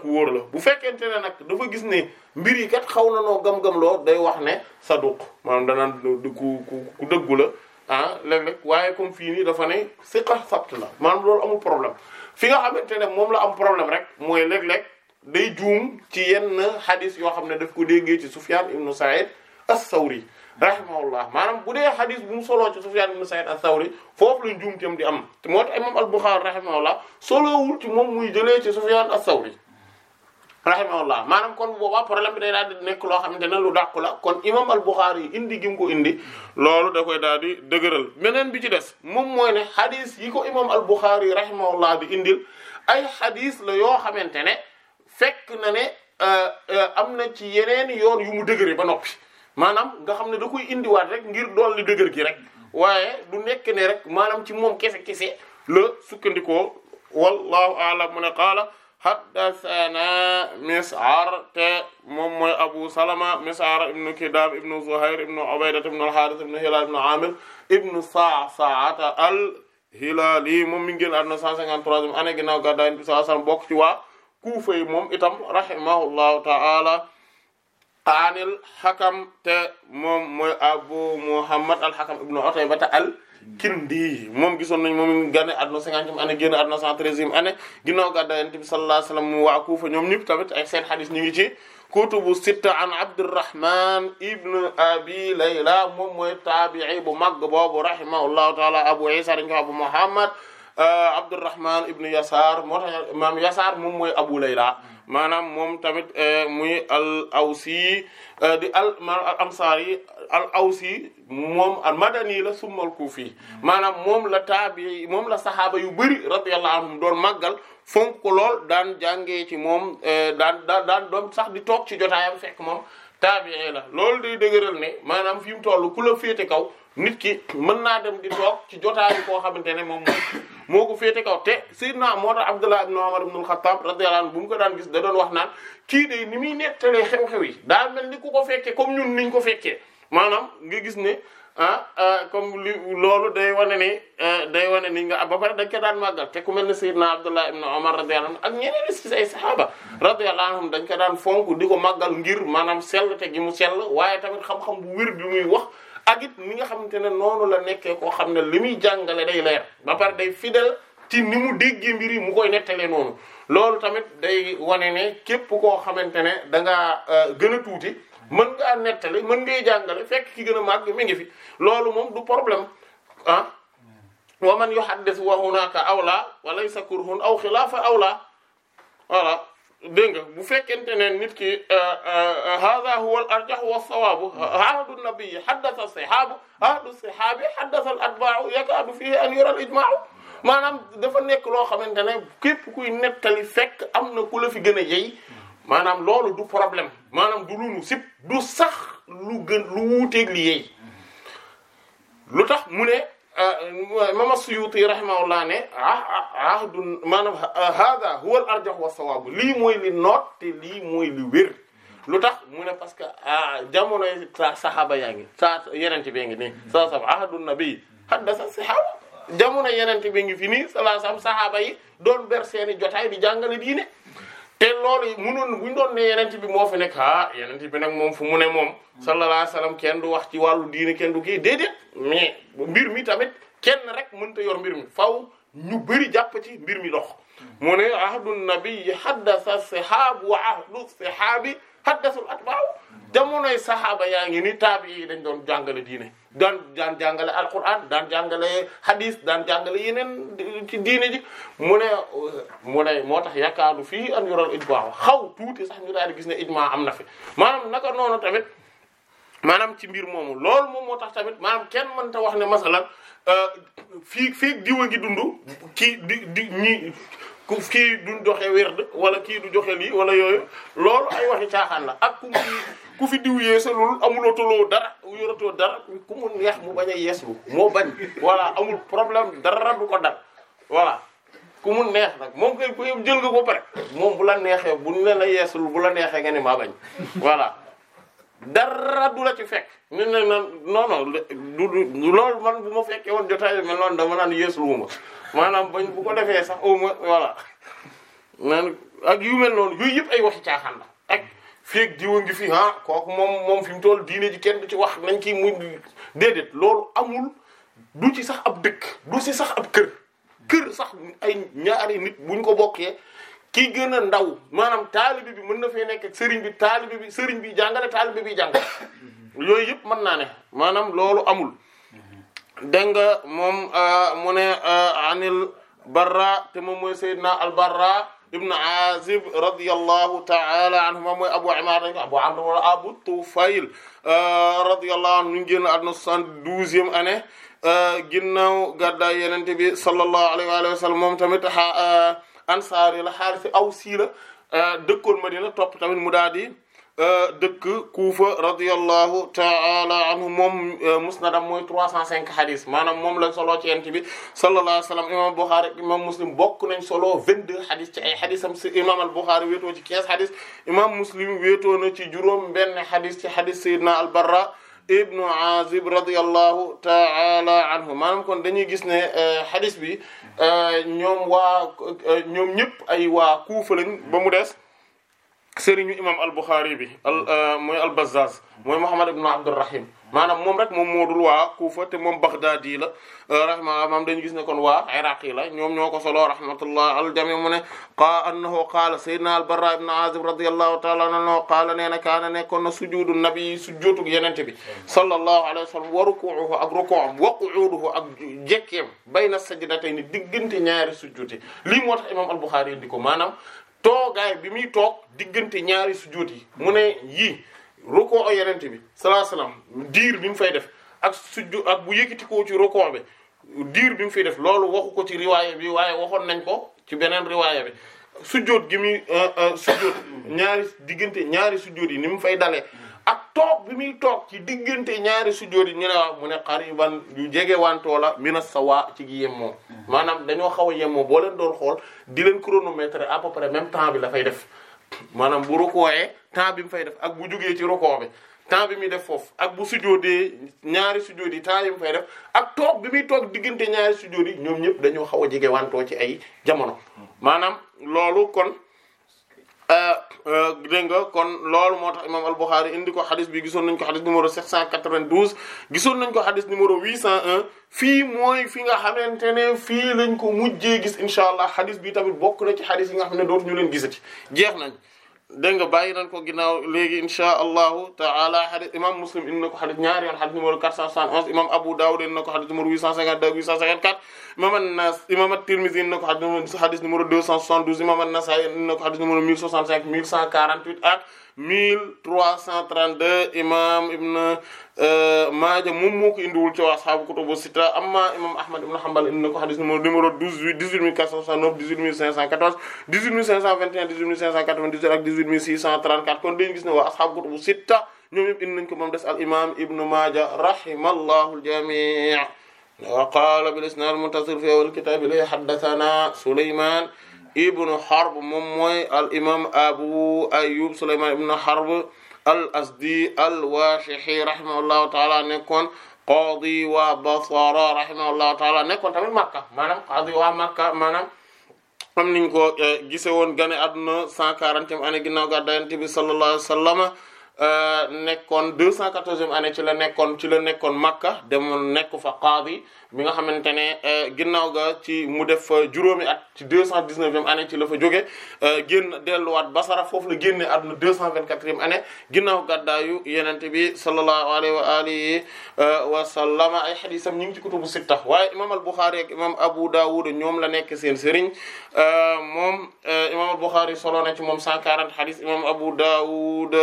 wóor la bu fekkente ne nag dafa gis ne mbir yi kat xaw na noo gam-gam loo day wax ne saduq maanaam danaan ku ku ku dëggu la ah léeg-léeg waaye comme fii nii dafa ne siqa sabt la maanaam loolu amul problème fi nga xamante ne moom la am problème rek mooy léeg-léeg day juum ci yenn xadis yoo xam ne def ko déggee ci Sufyan ibn Sa'id as-Sawri rahimahullah maanaam bu dee xadis bu mu soloo ci Sufyan ibn Sa'id as-Sawri foofu lañ juum tam di am moo tax imam al-Bukhari rahimahullah solowul ci moom muy jëlee ci Sufyan as-Sawri rahimahullah maanaam kon boobaa problème bi day daal di nekk loo xamante ne lu dàqu la kon imam al-Bukhari yi indi gi mu ko indi loolu da koy daal di dëgëral beneen bi ci des moom mooy ne hadith yi ko imam al-Bukhari yi rahimahullah di indil ay hadith la yoo xamante ne fekk na ne euh, euh, am na ci yeneen yoon yu mu dëgëre ba noppi maanaam nga xam ne da koy indiwaat rek ngir dool dolli dëgër gi rek waaye du nekk ne rek maanaam ci moom kese kese la sukkandikoo wallahu a'lam mu ne haddathana Mis'ar te moom mooy Abu Salama Mis'ar ibnu Kidaam ibnu Zuhayr ibnu Ubayda ibnu al-Haaris ibnu Hilaal ibnu Aamir ibnu Sa'sa'a al-Hilaali moom mi ngi génn àdduna 153e année ginnaaw gàddaay Yonent wa sallam bokk ta'ala anil Hakam te moom Abu Muhammad al-Hakam ibnu Utaybata al Kindi moom gisoon nañ moom gane àdduna cinquantième année génn àdduna cent treizième année ginnaaw gàddaay Yonent bi sallallahu alayhi wa sallam waa ñoom ñëpp tamit ay seen xadis ñu ngi ci kutubu sitta an Abdurrahman ibn Abi Layla moom mooy taabi'i bu mag boobu rahimahullahu taala Abu Isa dañ ko Abu Muhammad euh, Abdurrahman ibn Yasar moo tax moom mooy Abu Layla maanaam moom tamit euh, muy al awsi euh, di al al ansari al awsi moom al-madani la summal ku kufi maanaam moom la taabi moom la saxaaba yu bëri radiyallahu am doon màggal fonk ko lool daan jàngee ci moom eh, daan daan daan doon sax di toog ci jotaayam fekk moom taabii la loolu day dëgëral ne maanaam fi mu toll ku la féete kaw nit ki mën naa dem di toog ci jotaayu koo xamante ne moom moo ko féete kaw te sayyidna moo tax Abdullah ibn Umar ibn al-Khattab radiyallahu anhu bu mu ko daan gis da doon wax naan kii de ni muy nettalee xew-xew yi daa mel ni ku ko fekkee comme ñun niñ ko fekkee maanaam nga gis ne ah, ah comme li loolu day wane ni ah, day wane ni nga ba pare dañ ko daan màggal te ku mel ne Seydina Abdullah ibn Umar radiyallahu anhu ak ñeneen ci ay saxaaba radiyallahu anhum dañ ko daan fonk di ko màggal ngir maanaam sell te gi mu sell waaye tamit xam-xam bu wér bi muy wax ak it ni nga xamante ne noonu la nekkee koo xam ne li muy jàngale day leer ba pare day fidèle ci ni mu déggee mbir yi mu koy nettalee noonu loolu tamit day wane ne képp koo xamante ne da ngaa ah, gën tuuti. mën ngaa nettali mën ngay jàngale fekk ki gën a mi ngi fi loolu moom du problème ah wa man yuhaddis hunaka awla wa laysa kurhun aw xilaafa awla voilà dégg nga bu fekkente ne nit ki euh, euh, hada huwa al arjah wa sawaabu ahadu nabiyi haddasa yakaadu fihi an yura al ijmaau maanaam dafa nekk loo xamante ne képp kuy nettali fekk am na ku la fi gën a yey maanaam loolu du problème maanaam du lu nu sib du sax lu gën lu wuuteeg li lu tax mu ne euh, mama Suyuti rahimahullah ne ah, ah, ahdun maanaam euh, hada huwa al arjah wa sawabu lii mooy li noot te lii mooy li wér lu tax mu ne parce que ah, jamonoy saxaaba yaa ngi saa yenente bee ngi nii saa sam ahadun nabi haddasa saxaaba jamono yenente bee ngi fi nii salaa sam saxaaba yi doon ber seeni jotaay di jàngale diine te loolu munoon bu ñu doon ne yeneen bi moo fi nekk ah yeneen bi nag moom fu mu ne moom. Hmm. sallallahu alayhi wa kenn du wax ci wàllu diine kenn du kii déedéet mais mbir mi tamit kenn rek mënta yor mbir faw faaw ñu bëri jàpp ci mbir mi dox. Hmm. mu ne ahdu nabi haddasa sahaabu wa ahdu sahaabi haddasul atbaaw hmm. jamonoy sahaaba yaa ngi ni taabi yi dañ doon jàngale diine. daan daan jàngale alquran daan jàngale hadis daan jàngale yeneen ci diine ji mu ne mu ne moo tax yaakaaru fii an yoral ijmaa xaw tuuti sax ñu daal di gis ne ijmaa am na fi maanaam naka noonu tamit maanaam ci mbir moomu lool moom moo tax tamit maanaam kenn mënta wax ne masalan euh, fii fii diwa ngi dundu kii di di ñi kii dun joxe werd wala kii du joxe lii wala yooyu loolu ay waxi caaxaan la ak ku ku fi diw yeesalul amuloo toloo dara yoratoo dara ku mu neex mu bañ a yeeslu moo bañ voilà amul problème dara bu ko dal voilà ku mu neex nag moom kay ku jël nga ko pare moom bu la neexee bu ne la yeesalul bu la neexee nga ne maa bañ voilà dara du la ci fekk ne ne non non du loolu man bu ma fekkee woon jotaay mel noonu dama naan yeesaluwuma maanaam bañ bu ko defee sax au moins voilà naan ak yu mel noonu yooyu yëpp ay waxi caaxaan la feeg diwa ngi fi ah kooku moom moom fi mu toll diine ji kenn du ci wax nañ ci mu déedéet loolu amul du ci sax ab dëkk du ci sax ab kër kër sax ay ñaari nit buñ ko bokkee kii gën ndaw maanaam taalibe bi mën na fee nekk sëriñ bi taalibe bi sëriñ bi jàngale taalibe bi jàngale yooyu yëpp mën naa ne maanaam loolu amul dégg nga moom euh, mu ne euh, anil barra te moom mooy Seydina al barra ibnu azib radiallahu taala anhuma mooy abu amar dañ ko abu amr wala abu tufayl euh, radiallahu anhu ñu ngi génn àdduna soixante-douzième année euh, ginnaaw gàddaay yenente bi sallallahu alayhi wa alihi wa sallam moom tamit euh, ansaari la xaarisi awsi la dëkkoon madina topp tamit mu daal di Euh, dëkk Kuufa radiyallahu ta'ala anhu moom euh, musnadam mooy 305 hadis maanaam moom la solo ci yonent bi sallallahu alayhi wa sallam imam Bukhari bokk nañ solo 22 hadis ci ay hadisam si imam al-Bukhari wéetoo ci 15 hadis imam Muslim wéetoo na ci juróom benn hadis ci hadis Seydina al-Barra ibnu Azib radiyallahu ta'ala anhu maanaam kon dañuy gis ne euh, hadis bi ñoom waa ñoom ñëpp ay waa Kuufa lañ ba mu des sëriñu imam al-Bukhari bi al mm. euh, mooy al-Bazzaz mooy Muhammad ibn Abdurrahim maanaam moom rek moom moodul waa Kufa te moom Baghdadi la euh, rahimahullah maam dañu gis ne kon waa Iraq yi la ñoom ñoo ko solo rahmatullah al-jami mu ne qaa annahu qaala sayyidina al-Barra ibn Azib radiyallahu ta'ala anhu qaala nee na kaana nekkoon na sujuudu nabi sujuudu yenente bi sallallahu alayhi wa sallam wa ruku'uhu ak ruku'am wa qu'uduhu ak jekkeem bayna sajdatayn diggante ñaari sujjuti lii moo tax imam al-Bukhari di ko maanaam toogaay bi muy toog diggante ñaari sujjóot yi mu ne yii roko yenent bi sallallahu alayhi diir bi mu fay def ak sujju ak bu ko ci roko bi diir bi mu fiy def loolu waxu ko ci riwaaya bi waaye waxoon nañ ko ci beneen riwaaya bi sujjóot gi muy euh, euh, sujjóot ñaari diggante ñaari sujjóot yi ni mu fay dalee ak toog bi muy toog ci diggante ñaari sujjóot yi ñu ne waaw mu ne qariban ñu jege wantoo la mina sawa ci gi yemmoo maanaam dañoo xaw a yemmoo boo leen doon xool di leen chronomètre à peu près temps bi la fay def maanaam bu rukooyee temps bi mu fay def ak bu jugee ci rukoo bi temps bi muy def foofu ak bu sujjóotee ñaari sujjóot yi temps yi mu fay def ak toog bi muy toog diggante ñaari sujjóot yi ñoom ñëpp dañoo xaw a jege wantoo ci ay jamono maanaam loolu kon Euh, dégg nga kon loolu moo tax imam al indi ko xadis bi gisoon nañ ko xadis numéro 792 gisoon nañ ko xadis numéro 801 fii mooy fi nga xamante ne fii lañ ko mujjee gis incha allah xadis bi tamit bokk na ci xadis yi nga xam ne dootu ñu leen gisati jeex nañ dégg nga bàyyi ko ginnaaw léegi insha allahu taala imam muslim indi na ko hadith ñaari yoon hadith numéro 471 imam Abu Dawud indi na ko hadith numéro 852 854 imam an-Nas imam at-Tirmidhi indi na ko hadith numéro 272 imam an-Nasa'i indi na ko hadith numéro 1065 1148 ak. 1332 imam ibn euh, Maaja moom moo ko indiwul ci ashaabu kutubu sita amma imam Ahmad ibn Hanbal indi na ko hadith numéro numéro 12 18469 18514 18521 18598 ak 18634 kon dañu gis ne waa ashaabu kutubu sita ñoom ñëpp indi nañu ko moom des al imam ibn Maaja rahimallahu al-jami' wa qala bil isnad al-muttasil fi awwal kitab li haddathana Sulayman ibnu Harb moom mooy al imam Abu Ayyub Sulaymaan ibnu Harb al asdi al washihi rahimahullahu taala nekkoon qaadi waa Basra rahimahullahu taala nekkoon tamit Makka maanaam qaadi waa Makka maanaam am niñ ko eh, gise woon gane adduna cent quarantième année ginnaaw gàddaay Yonent bi sallallahu alayhi wa sallam eh, nekkoon deux cent quatorzième année ci la nekkoon ci la nekkoon Makka demoon nekk fa qaadi mi nga xamante ne euh, ginnaaw ga ci mu def juróomi at ci deux cent dix-neuvième année ci la fa jóge euh, génn delluwaat Basara foofu la génne àdduna deux cent vingt-quatrième année ginnaaw gàddaayu yenente bi sallallahu alayhi wa alihi euh, wa sallama ay xadisam ñi ngi ci kutubu sitta waaye imam al Bukhari ak imam Abu Dawud ñoom la nekk seen sëriñ moom imam al Bukhari solo na ci moom cent quarante xadis imam Abu Dawud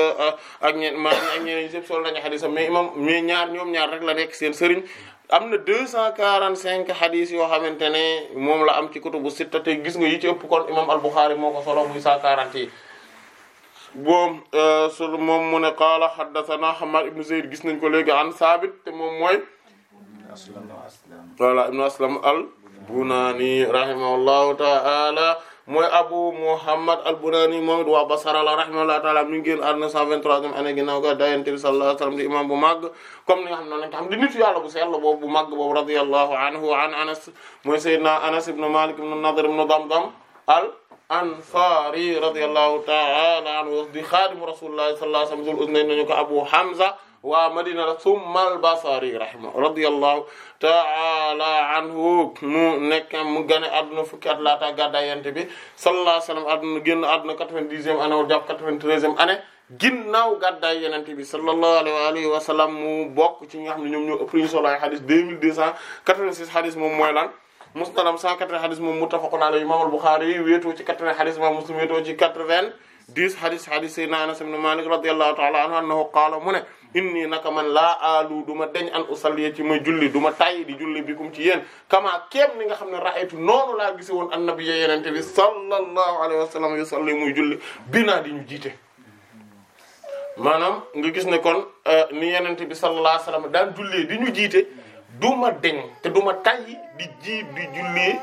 ak ñeen ma ak ñeneen ñëpp solo nañu xadisam mais imam mais ñaar ñoom ñaar rek la nekk seen sëriñ am na deux cent quarante cinq hadith yoo xamante ne moom la am ci kutubu sitta te gis nga yi ci ëpp kon imam al-Bukhari moo ko solo muy cent quarante yi boom euh, su moom mu ne qaala haddathana Hammad ibn Zayd gis nañ ko léegi an Saabit te moom mooy voilà ibn Aslam al-Bunani rahimahullahu ta'ala mooy abu muhammad al-Bunani moom it waa Basra la rahimahullah taala mi ngi génn àdduna 123e année ginnaaw ga dayante bi sallallahu alayhi wa sallam di imam bu màgg comme ni nga xam ne nag xam di nitu yàlla bu sell boobu bu màgg boobu radiyallahu anhu an anas mooy sayyidina anas ibn malik ibn nadr ibn damdam al ansari radiyallahu taala anhu di xaadimu rasulillahi sallallahu alayhi wa sallam zul uznayn nañu ko abu hamza waa madina la summa al basari rahima radiyallahu taala anhu mu nekk mu gane adduna fukki at laata gàddaay yonent bi sallallahu alayhi wa sallam adduna génn adduna quatre-vingt-dixième année wala mu bokk ci ñi nga xam ne ñoom ñoo ëpp ñu solo ay xadis deux mille deux cent quatre-vingt-six xadis moom mooy lan cent quatre-vingts xadis moom muttafaqun alayhi imam al-Bukhari ci quatre-vingts xadis Muslim wéetoo ci quatre-vingts 10 hadis hadis sayyidina Anas ibn Malik radiyallahu ta'ala anhu annahu qaala mu ne inni naka man laa aalu du ma deñ an usalli ci muy julli du ma tàyyi di julli bikum ci yéen kama kéem ni nga xam ne ra'aytu noonu laa woon annabi ya yenente bi sallallahu alayhi wa sallam yusalli muy julli binaa di ñu jiite maanaam nga gis ne kon eh, ni yenente bi sallallahu alayhi wa sallam daan jullee di ñu jiite du ma deñ te du ma tàyyi di jiit di jullee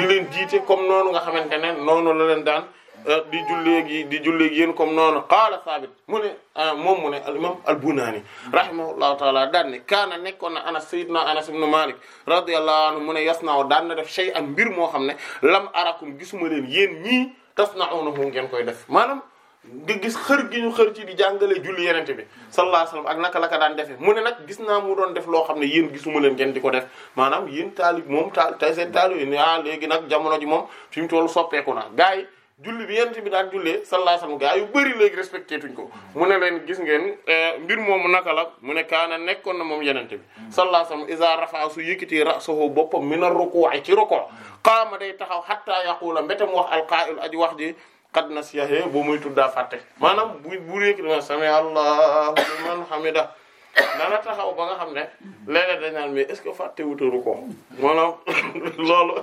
di leen jiite comme noonu nga xamante ne noonu la leen daan Euh, di julleegi di julleegi yéen comme noonu qaala Saabit mu euh, moom mu ne al imam al Bunaani rahimahullahu taala daan ne kaana nekkoon na Anas sayyidina Anas ibn Malik radiyallahu anhu mu ne yasna'u daan na def shay am mbir moo xam ne lam arakum gisuma leen yéen ñii tasna'unahu ngeen koy def maanaam nga gis xër gi ñu xër ci di jàngale julli yenente bi sallallahu alayhi wasallam ak naka la ka daan defee mu ne nag gis naa mu doon def loo xam ne yéen gisuma leen ngeen di ko def maanaam yéen taalib moom ta seen taalib yi ah léegi nag jamono ji moom fi mu toll soppeeku na gaay julli bi yent bi daan jullee sallallahu alayhi wasallam gaa yu bëri léegi respecté tuñ ko mu ne leen gis ngeen eh, mbir moomu naka la mu ne kaana nekkoon na moom yenente bi sallallahu alayhi wasallam iza rafa'a su yëkkati ra'sahu boppam min ar-ruku'i ci ruku' qaama day taxaw hatta yaqula mbétam wax al-qaa'il aji wax ji qad nasiyahu boo muy tuddaa fàtte maanaam bu bu réeki na sami allahu liman hamida dana taxaw ba nga xam ne léeg-léeg dañ naan ce que fàtte wutaru ko maanaam <laughs> loolu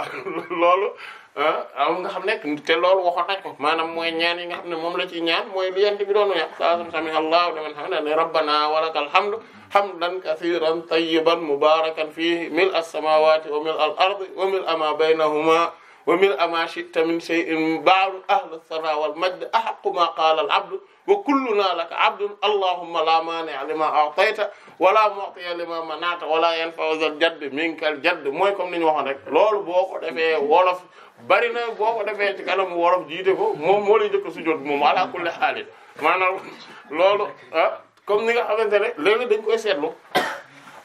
<laughs> <laughs> loolu am ah, nga xam ne te loolu waxoon nañ ko maanaam mooy ñaan yi nga xam ne moom la ci ñaan mooy li yent bi doon wax saasam sami allahu liman hamdahu rabbana wa lakal hamdu hamdan kasiran tayyiban mubarakan fihi mil as samawati wa mil al ardi wa mil ama baynahuma wa mil ama shi'ta min shay'in ba'du ahlu sana wal majd ahaqqu ma qala al abdu wa kulluna laka abdun allahumma la mani'a lima a'tayta wala mu'tiya lima mana'ta wala yanfa'u zal jadd minkal jadd mooy comme ni ñu waxoon rek loolu boo ko defee wolof bari na boo ko defee ci kanamu wolof jiite ko moom moo lay njëkk a sujjóot moom ala kulli xaalis maanaam loolu ah comme ni nga xamante ne léeg-léeg dañ koy seetlu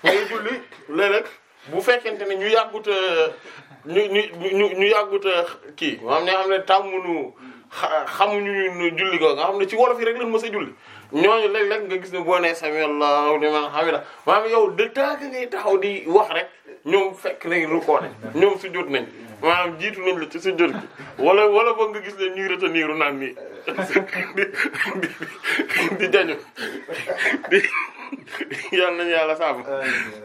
ngay julli léeg-léeg bu fekkente ne ñu yàggut euh, ñu ñu ñu ñu yàggut euh, kii. maanaam ñoo xam ne tàmmuñu xamuñu ñu julli ko nga xam ne ci wolof yi rek lañ mës a julli. ñooñu léeg-léeg nga gis ne boo nee sami allahu liman hamida maanaam yow de temps que ngay taxaw di wax rek ñoom fekk nañ rukkoo nañ ñoom sujjóot nañ maanaam jiitu nañ la ci sujjóot gi wala wala boog nga gis ne ñuy retenir naan nii <laughs> di di jañu di yal nañu yàlla sàmm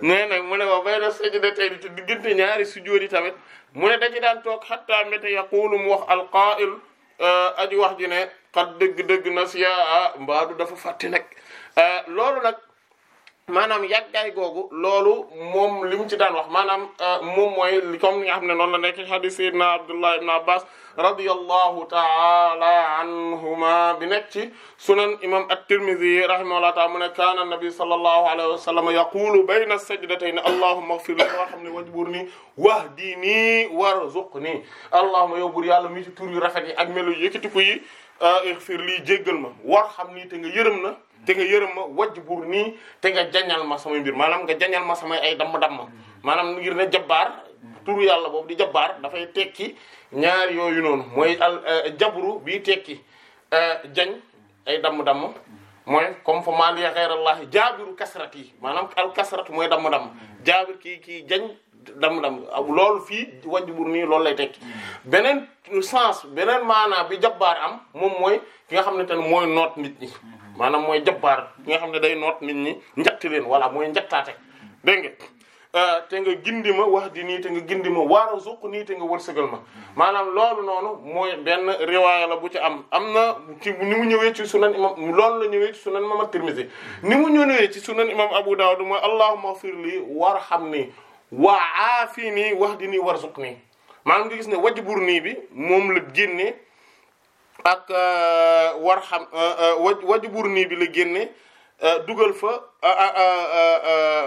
mais nag mu ne wa bay na sajda tey di te diggante ñaari sujjóot yi tamit mu ne dañu daan toog xatta mété yaqulu mu wax alqa'il euh, aji wax ji ne xat dëgg-dëgg nasiya ah, mbaadu dafa fàtte nag eh, loolu nag maanaam yàggaay googu loolu moom li mu ci daan wax maanaam eh, moom mooy comme ni nga xam ne noonu la nekk hadith sayyidina Abdullah ibn Abbas radiyallahu ta'ala anhuma bi nekk ci sunan imam at-Tirmidhi rahimahullah ta'ala mu ne kaana nabi sallallahu alayhi wa sallam yaqulu bayna sajdatayn allahumma ighfir li warhamni wajburni wahdini warzuqni allahumma yow buur yàlla mi ci tur yu rafet yi ak melu yëkkatiku yi igfir lii jéggal ma war xam nii te nga yërëm na te nga yërëm ma wajj bur nii te nga jañal ma samay mbir maanaam nga jañal ma samay ay dam damm maanaam ngir ne jabbaar turu yàlla boobu di jabbaar dafay tekki ñaar yooyu noonu mooy al euh, jabru bii tekki euh, jañ ay damm-damm mooy comme fa maa li ghayrallahi jaabiru kasrat maanaam al kasrat mooy damm-damm jaabir kii kii jañ dam dam loolu fii wajbur nii loolu lay tekki beneen sens beneen maanaa bi jabbaar am moom mooy ki nga xam ne ten mooy noot nit ñi maanaam mooy jabbaar ki nga xam ne day noot nit ñi njatti leen voilà mooy njattaate dégg nga euh, te nga gindi ma wax di nii te nga gindi ma waara suq nii te nga wërsëgal ma maanaam loolu noonu mooy benn riwaaya la bu ci am am na ci ni mu ñëwee ci sunan imam loolu la ñëwee ci sunan imam at-Tirmidhi ni mu ñëwee ci sunan imam Abu Dawud mooy allahumma ighfir li warhamni waa wa aafini wahdini warzuqni maanaam nga gis ne wajburni bi moom la génne ak war euh, xam warham euh, euh, wajburni bi la génne dugal fa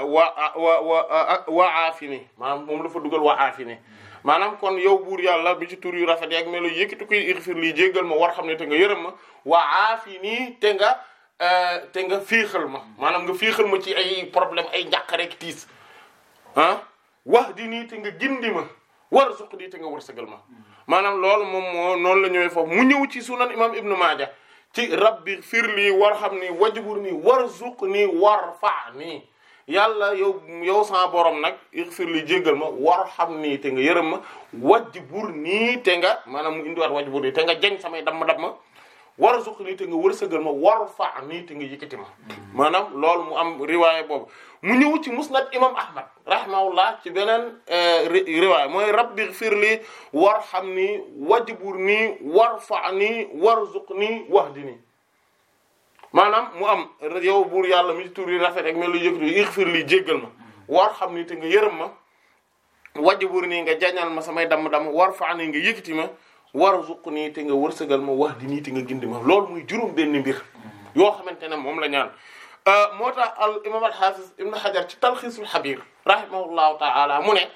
wa wa wa aafini maanaam moom la fa dugal wa aafini maanaam kon yow buur yàlla bi ci tur yu rafet yak melo yëkkati koy irfir lii jéggal ma war xam ne te nga yërëm ma wa aafini te nga te nga fiixal ma maanaam nga fiixal ma ci ay problème ay njàq rek tiis ah wax di nii te nga gindi ma war suq di te nga wërsëgal ma maanaam loolu moom moo noon la ñëwee foofu mu ñëw ci sunan imam ibnu maaja ci rab rabbi firli warhamni wajburni warzuqni warfa'ni yàlla yow yow sa borom nag igfirli jéggal ma warhamni te nga yërëm ma wajburni te nga maanaam mu indi indiwaat wajburni te nga jëñ samay dam ma dam ma warzuqni te nga wërsëgal ma warfa'ni te nga yëkkati ma maanaam loolu mu am riwaaya boobu mu ñëw ci musnad imam ahmad rahimahullah ci beneen euh, riwaay mooy rabbi firli warhamni wajburni warfa'ni warzuqni wahdini maanaam mu am yow buur yàlla mi tur yi rafet ak mel lu yëg ixfir li jéggal ma warhamni te nga yërëm ma wajburni nga jañal ma samay damm-damm warfa'ni nga yëkkati ma war warzuqni te nga wërsëgal ma wahdini te nga gindi ma loolu muy juróom benn mbir yoo xamante ne moom la ñaan Euh, moo tax al imam al hafiz ibn hajar ci talxiisul xabir rahimahullahu ta'ala mu ne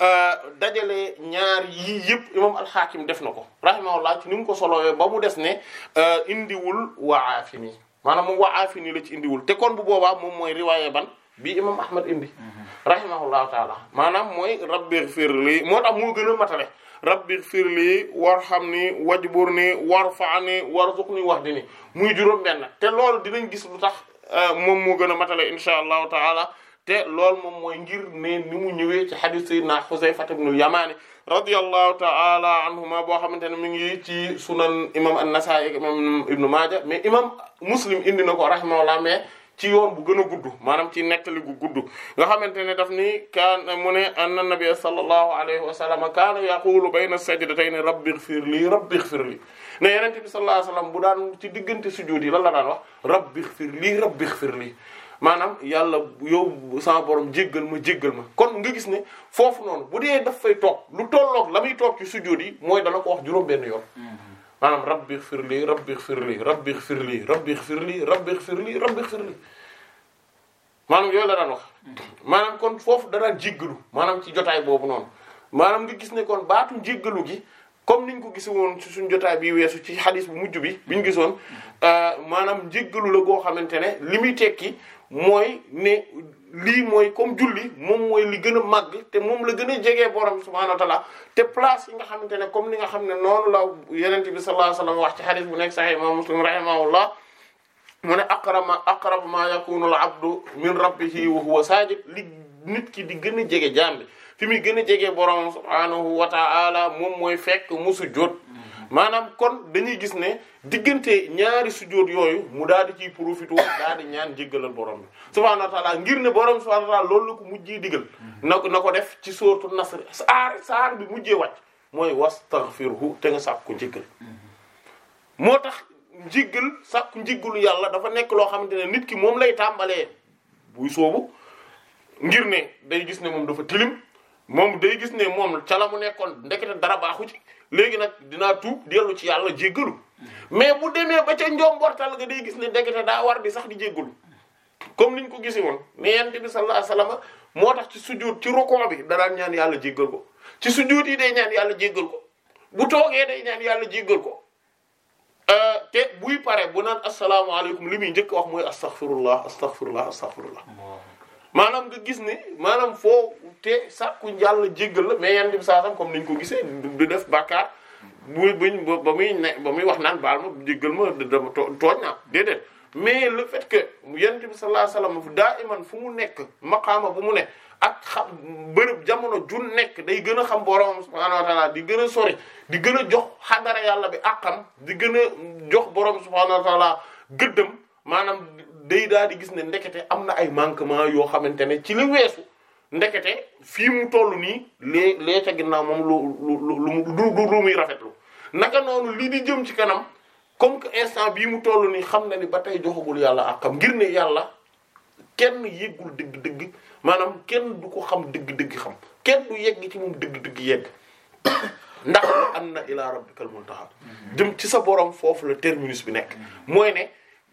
euh, dajale ñaar yii yëpp imam al hakim def na ko rahimahullah ci ni mu ko solowee ba mu des ne euh, indiwul waafini maanaam moom waafini la ci indiwul te kon bu boobaa moom mooy riwaaye ban bi imam ahmad indi mhm. rahimahullahu taala maanaam mooy rabbighfir li moo tax moo gën a matale rabbighfir li warhamni wajburni warfa'ni warzuqni wahdini muy juróom benn te loolu dinañ gis lu tax Euh, moom moo gën a matale insha allahu taala te loolu moom mooy ngir ne ni mu ñëwee ci hadith sayyidina Huzayfa ibn al-Yamani radiyallahu taala anhuma boo xamante ne mi ngi ci sunan imam an-Nasa'i imam Ibn Maaja mais imam Muslim indi na ko rahimahullah mais ci yoon bu gën a gudd maanaam ci nettali gu gudd nga xamante ne daf ni kaan mu ne anna nabiyya sallallahu alayhi wa sallam kaana yaqulu bayna sajdatayn rabbi ighfir li rabbi ighfir li ne yenente bi sallallahu alayhi wa sallam bu daan ci diggante sujjóot yi lan la daan wax rabbi ighfir li rabbi ighfir li maanaam yàlla yow sama boroom jéggal ma jéggal ma kon nga gis ne foofu noonu bu dee daf fay toog lu tolloog la muy toog ci sujjóot yi mooy dala ko wax juróom benn yoon mm-hmm. maanaam rabbi xfirli rabbi xfirli rabbi xfirli rabbi xfirli rabbi xfirli rabbi xfirli maanaam yooyu la daan wax maanaam kon foofu da daan maanaam ci jotaay boobu noonu maanaam nga gis ne kon baatu jéggalu gi comme niñ ko gis woon ci suñ jotaay bi weesu ci xalis bu mujj bi biñ gisoon euh, maanaam jéggalu la goo xamante ne li muy tekki mooy ne lii mooy comme julli moom mooy li gën a màgg te moom la gën a jege borom subhaanahu wa taala te place yi nga xamante ne comme ni nga xam ne noonu la yenente bi sallallahu alayhi wasallam wax ci hadith bu nekk sahih imam muslim rahimahullah mu ne aqrama aqrab ma yakunu al abdu min rabbihi wa huwa sajid li nit ki di gën a jege jaam fi muy gën a jege borom subhaanahu wa taala moom mooy fekk musu jot maanaam kon dañuy gis ne diggante ñaari sujjóot yooyu mu daal di ciy profité daal di ñaan njigalal borom bi subhaanahu wa taala ngir ne borom subhaanahu wa taala loolu ko mujjee digal na ko na ko def ci sooratu Nasr saar saar bi mujjee wàcc mooy wastaghfirhu te nga sàkku njéggal moo tax njigal sàkku njéggalu yàlla dafa nekk loo xamante ne nit ki moom lay tàmbalee buy soobu ngir ne day gis ne moom dafa tilim moom day gis ne moom ca la mu nekkoon ndekete dara baaxu ci léegi nag dinaa tu dellu ci yàlla jéggalu mais mu demee ba ca njombortal nga day gis ne ndekete daa war bi sax di jéggalu comme niñ ko gisee woon mais yent bi sallallahu alayhi moo tax ci sujjóot ci rukoo bi danaan ñaan yàlla jéggal ko ci sujjóot yi day ñaan yàlla jéggal ko bu toogee day ñaan yàlla jéggal ko euh, te buy pare bu naan asalaamaaleykum li muy njëkk wax mooy astaghfirullah astaghfirullah astaghfirullah maanaam nga gis ni maanaam foo te sàkku yàlla jéggal la mais yan bi saasam comme niñ ko gisee du def bàkkaar bu buñ ba muy ne ba muy wax naan baal ma jéggal ma dama tooñ naa déedéet mais le fait que yonent bi sallallahu alayhi wasallam daa iman fu mu nekk maqaama bu mu ne ak xam bërëb jamono ju nekk day gën a xam borom subhaanahu wa di gën a sori di gën a jox xadara yàlla bi àqam di gën a jox borom subhaanahu wa taala maanaam day daal di gis ne ndekete am na ay manquement yoo xamante ne ci li weesu ndekete fii mu toll nii lee lee ca ginnaaw moom lu lu lu lu lu muy rafetlu naka noonu lii di jëm ci kanam comme que instant bii mu toll nii xam na ni ba tey joxagul yàlla ak xam ngir ne yàlla kenn yëggul dëgg-dëgg maanaam kenn du ko xam dëgg-dëgg xam kenn du yegg ci moom dëgg-dëgg yegg <coughs> ndax <coughs> am na ila rabbikal muntaha mm-hmm. jëm ci sa borom foofu la terminus bi nekk mm-hmm. mooy ne.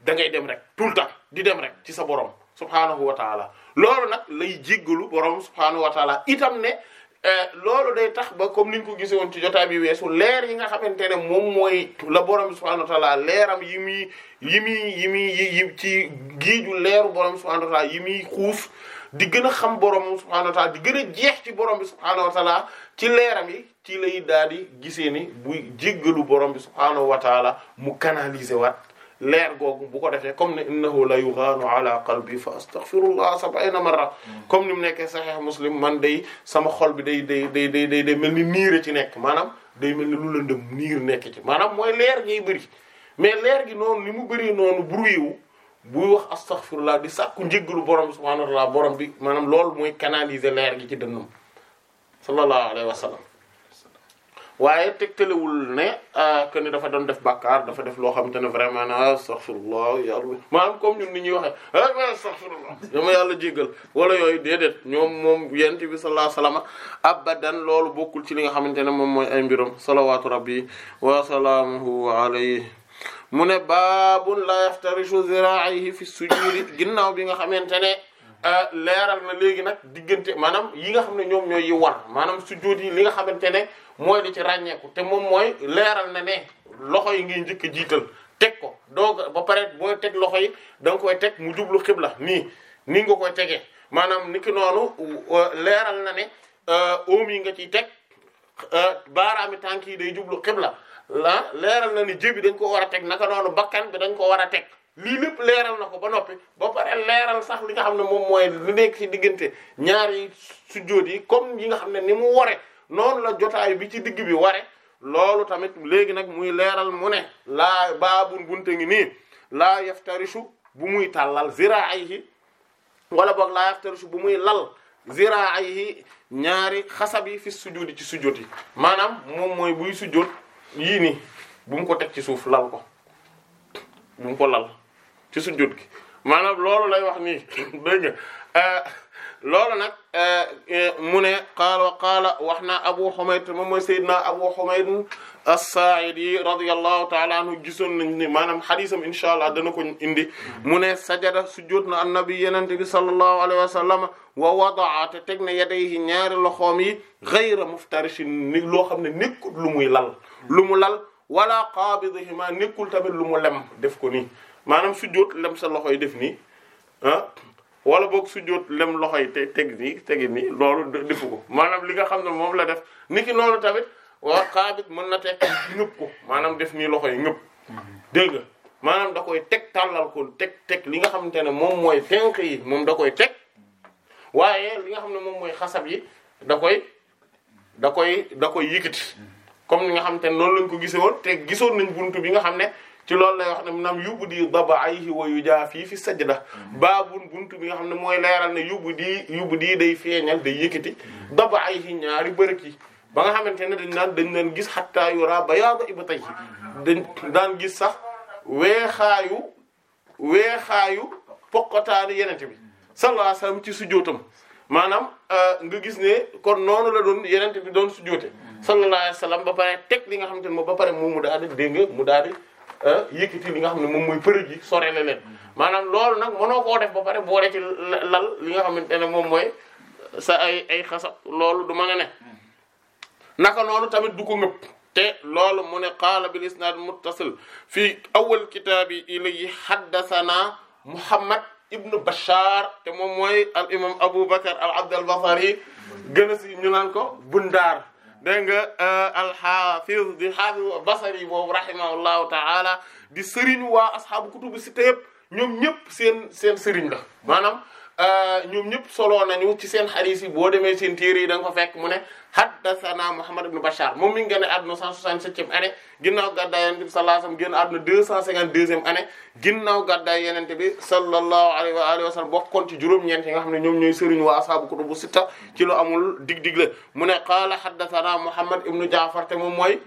da ngay dem rek tout le temps di dem rek ci sa borom subhaanahu wa taala loolu nag lay jéggalu borom subhaanahu wa taala itam ne eh, loolu day tax ba comme niñ ko gisee woon ci jotaay bi weesu leer yi nga xamante ne moom mooy la borom bi subhaanahu leeram yi muy yi muy yi muy ci géeju leeru borom subhaanahu wa yi muy xuuf di gën a xam borom subhaanahu wa taala di gën a jeex ci borom bi subhaanahu wa ci leeram yi ci lay daal di gisee ni buy jéggalu borom bi subhaanahu wa taala mu canaliser waat. leer googu bu ko defee kom ne innahu la yughaanu ala qalbi fa astaghfirullah sab'ina marra comme ni mu nekkee sahih muslim man day sama xol bi day day day day day day mel ni a ci nekk maanaam day mel ni lu lëndëm niir nekk ci maanaam mooy leer giy bëri mais leer gi noonu li mu bëri noonu bruit wu buy wax astaghfirullah di sàkku njéggalu borom subhaanahu wa ta'ala borom bi maanaam loolu mooy canaliser leer gi ci dënnam sallallahu alayhi wa sallam waaye teg telewul ne euh, que ni dafa doon def bàkkaar dafa def loo xamante ne vraiment na astaghfirullah yàlla maanaam comme ñun ni ñuy waxee ah astaghfirullah dama yàlla jéggal wala yooyu déedéet ñoom moom yent bi sallallahu alayhi wasallam abadan loolu bokkul ci li nga xamante ne moom mooy ay mbiram salawaatu rabbi wa salaamuhu alayhi mu ne baabun la yaftarishu ziraa'ihi fi sujudi ginnaaw bi nga xamante ne Euh, leeral na léegi nag diggante maanaam yi nga xam ne ñoom ñooy yi war maanaam sujjóot yi li nga xamante ne mooy li ci ràññeeku te moom mooy leeral na ne loxo yi ngay njëkk jiital teg ko donc ba pare booy teg loxo yi da teg mu jublu xibla nii nii nga koy tegee maanaam niki noonu euh, leeral na ne oom euh, yi nga ciy teg baaraami tànk yi day jublu xibla la leeral na ne jébi dañ ko war a teg naka noonu bakkan bi dañ koo war a teg lii lépp leeral na ko ba noppi ba pare leeral sax li nga xam ne moom mooy li nekk ci diggante ñaari sujjóot yi comme yi nga xam ne ni mu ware noonu la jotaay bi ci digg bi ware loolu tamit léegi nag muy leeral mu ne laa baabun bunte ngi nii laa yaftarishu bu muy tàllal ziraayihi wala boog laa yaftarishu bu muy lal ziraayihi ñaari xasab yi fi ci sujjóot yi maanaam moom mooy buy sujjóot yii nii bu mu ko teg ci suuf lal ko bu mu ko lal ci sujjóot gi maanaam loolu lay wax nii dégg nga euh, loolu nag euh, mu ne qaala wa qaala wax naa Abu Humayd moom mooy Seydina Abu Humayd as-Sa'idi radiyallahu ta'ala anhu gisoon nañ ni maanaam xadisam incha allah dana ko indi mu ne sajada sujjóot na annabi yenente bi sallallahu alayhi wa sallam wa wada'a te teg na yadayhi ñaari loxoom yi ghayra muftarishin ni loo xam ne nekkul lu muy lal lu mu lal wala qaabidihima nekkul tamit lu mu lem def ko nii maanaam sujjóot lem sa loxo yi def nii ah wala boog sujjóot lem loxo yi te teg nii tegi nii loolu defu ko maanaam li nga xam ne moom la def niki noonu tamit waa xaabit mën na teg ñëpp maanaam def nii loxo yi ñëpp dégg nga maanaam da koy teg tàllal ko teg li nga xamante ne moom mooy tenk moom da koy teg waaye li nga xam ne moom mooy xasab yi da koy da koy da koy yëkkati comme ni nga xam te noonu lañ ko gisee woon te gisoon nañ bunt bi nga xam ne ci loolu lay na ne nam yóbbu di daba ayhi wa yujaafi fi sajda baabun buntu bi nga xam ne mooy leeral ne yóbbu di yóbbu di day feeñal day yëkkati daba ayhi ñaari bërëk yi ba nga xamante ne dañ naan dañ leen gis xattaa yura bayaada ibatayhi dañ daan gis sax weexaayu weexaayu poqotaani yenente bi sallallahu alayhi wasallam ci sujjóotam maanaam euh, nga gis ne kon noonu la doon yenente bi doon sujjóote sallallahu alayhi wasallam ba pare teg li nga xamante ne moom ba pare moom mu daal di dégg nga mu daal di Ah, yëkkati li nga xam ne moom mooy përëg yi sore na leen maanaam loolu nag mënoo koo def ba pare boole ci lal li nga xamante ne moom mooy sa ay ay xasab loolu du ma a ne naka noonu tamit du ko te loolu mu ne qaala bil isnaad muttasil fii awal kitaabi ilayhi haddathana muhammad ibn bashar te moom mooy al imam abu bakar al abd al basri gën si ñu naan ko bundaar dégg nga euh, alxaafiz di xaafiz basari boobu rahimahullahu taala di sëriñ waa asxaabu kutubu sitta yëpp ñoom ñëpp seen seen sëriñ la maanaam Euh, ñoom ñëpp soloo nañu ci seen xadiis yi boo demee seen fekk mu ne haddathana Muhammad ibn Bashar moom mi ngi génne àdduna 167e année ginnaaw gàddaay yonent bi sallallahu alayhi wa sallam génn àdduna 252e année ginnaaw gàddaay yonent wa alihi wa sallam juróom-ñeent yi nga xam ne ñoom ñooy sëriñ waa ashaabu kutubu sitta ci lu amul dig-digle mu ne qaala Muhammad ibn Ja'far te moom mooy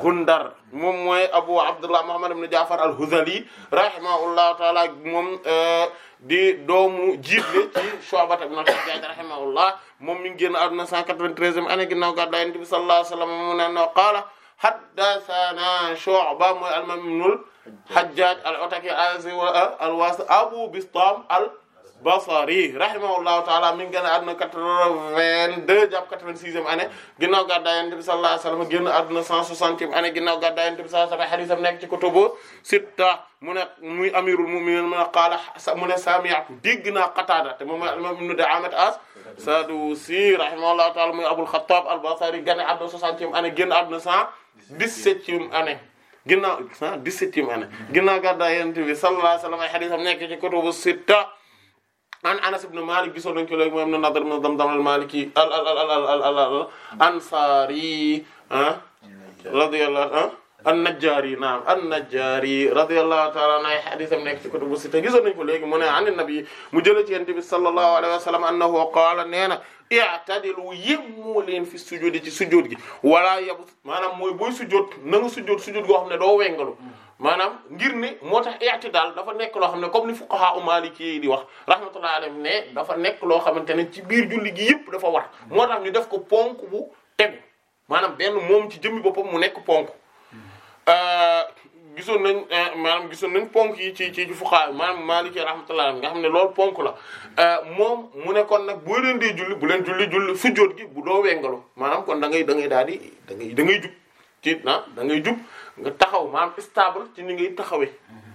Gundar moom mooy Abu Abdullah Muhammad ibn Ja'far al-Hudhali rahimahullahu ta'ala moom euh, di doomu jiit la ci Shu'ba ibn al-Hajjaj rahimahullah moom mi ngi génn àdduna 193e année ginnaaw gàddaay Yonent bi sallallahu alayhi wa sallam mu ne no qaala haddathana Shu'ba mooy al-Imam ibn al-Hajjaj al-Ataki al-Azdi al-Wasiti Abu Bistam al Basri rahimahullahu taala mi ngi génn àdduna quatre-vingt-deux jàpp quatre-vingt-sixième année ginnaaw gàddaay Yonent bi sallallahu alayhi wasallam génn àdduna cent soixantième nekk ci sitta muy amirul mu'minin mu ne qaala mu ne sami'tu te moom imaam Ibnu Di'aamat as-Sadusi rahimahullahu taala muy Abul Xattaab al-Basri génn àdduna soixantième année génn àdduna cent dix-septième année ginnaaw cent nekk ci sitta an Anas ibn Malik gisoon nañu ko léegi mooy am na Nadr ibn Damdam al-Maliki al al al al al al Ansari ah. radiyallahu ah an-Najjari naam an-Najjari radiyallahu ta'ala anhu ay hadisam nekk ci kutubu sitta gisoon nañu ko léegi mu ne an nabi mu jëlee ci yonent bi sallallahu alayhi wa sallam annahu qaala nee na i'tadilu yemmoo leen fi sujudi ci sujud gi wala yabut maanaam mooy booy sujud na nga sujud sujud goo xam ne doo wengalu. maanaam ngir ne moo tax daal dafa nekk loo xam ne comme ni fuqaha u maliki yi di wax rahmatullahi alayhim ne dafa nekk loo xamante ne ci biir julli gi yëpp dafa war moo tax ñu def ko ponk bu tegu maanaam benn moom ci jëmmi boppam mu nekk ponk euh, gisoon nañ euh, maanaam gisoon nañ ponk yi ci ci fuqaha maanaam maliki rahmatullahi alayhim nga xam ne loolu ponk la euh, moom mu ne nag boo leen dee julli bu leen julli julli sujjóot gi bu doo wengalu maanaam kon da ngay da ngay daal di da ngay da ci da ngay jub nga taxaw maanaam stable ci ni ngay taxawee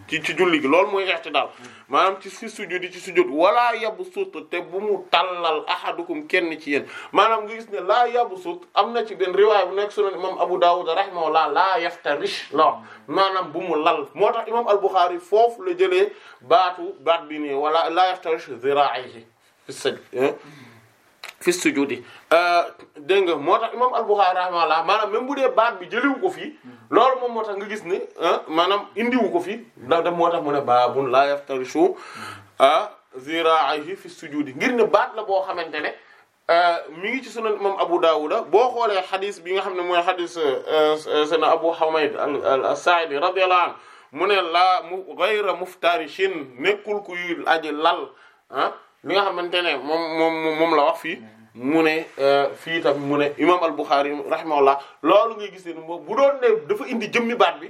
ci ci julli gi loolu mooy i'tidaal maanaam ci si sujud ci sujud yabu yabsut te bu mu tallal axadukum kenn ci yéen maanaam nga gis ne laa yabsut am na ci benn riwaay bu nekk sunan imam Abu Dawud rahimahullah laa yaftarish la maanaam bu mu lal moo tax imam al-Bukhari foofu la jëlee baatu baat bi nii wala laa yaftarish ziraa'ihi fi sajda fi sujudi euh, dégg nga moo tax imam al-Bukhari rahimahullah maanaam même bu dee baat bi jëliwu ko fii loolu moom moo tax nga gis ne maanaam indiwu ko fii da da moo tax mu ne baabun la yaftarishu euh, ziraahi fi sujudi ngir ne baat la boo xamante ne euh, mi ngi ci sunan imam Abu Dawuda boo xoolee xadis bi nga xam ne mooy xadis seen Abu Humayd as-Sa'idi radiyallahu anhu mu ne laa mu ghayra muftarishin nekkul kuy aji lal li nga xamante ne moom moom moom la wax fii mu ne euh, fii tam mu ne imam al Bukhari rahimahullah loolu ngay gis ne moom bu doon ne dafa indi jëmmi baat bi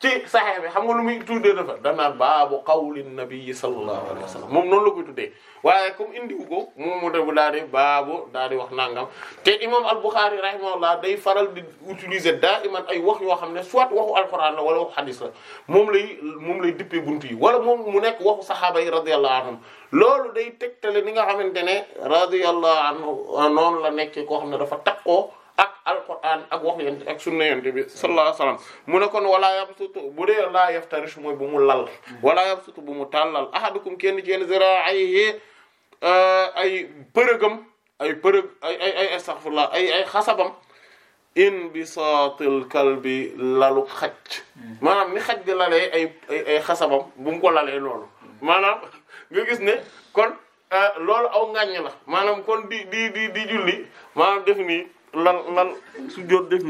ci saxee bi xam nga lu muy tuddee dafa danaan baabu qawli nabi sallallahu alayhi wa sallam moom noonu la koy tuddee waaye comme indiwu ko moom mu debu daal di baabu daal di nangam te imam al-Bukhari rahimahullah day faral di utiliser daa iman ay wax yoo xam ne soit waxu alquran la wala waxu hadis la moom lay moom lay buntu yi wala moom mu nekk waxu saxaaba yi radiyallahu anhum loolu day tegtale ni nga xamante ne radiyallahu anhu noonu la nekk koo xam ne dafa takkoo ak alquran ak wax yent ak sunna yent bi sallallahu alayhi wasallam mu ne kon walaa yabsutu bu dee laa yaftarish mooy bu mu lal walaa yabsutu bu mu tàllal ahadukum kenn ci yéen eh, ay përëgam ay përëg ay ay ay astaghfirullah ay ay xasabam in bisaatil kalbi lalu xaj maanaam ni xaj di lalee ay xasabam bu mu ko lalee loolu maanaam nga gis ne kon eh, loolu aw ngàññ la maanaam kon di di julli maanaam def nii lal lal su jot def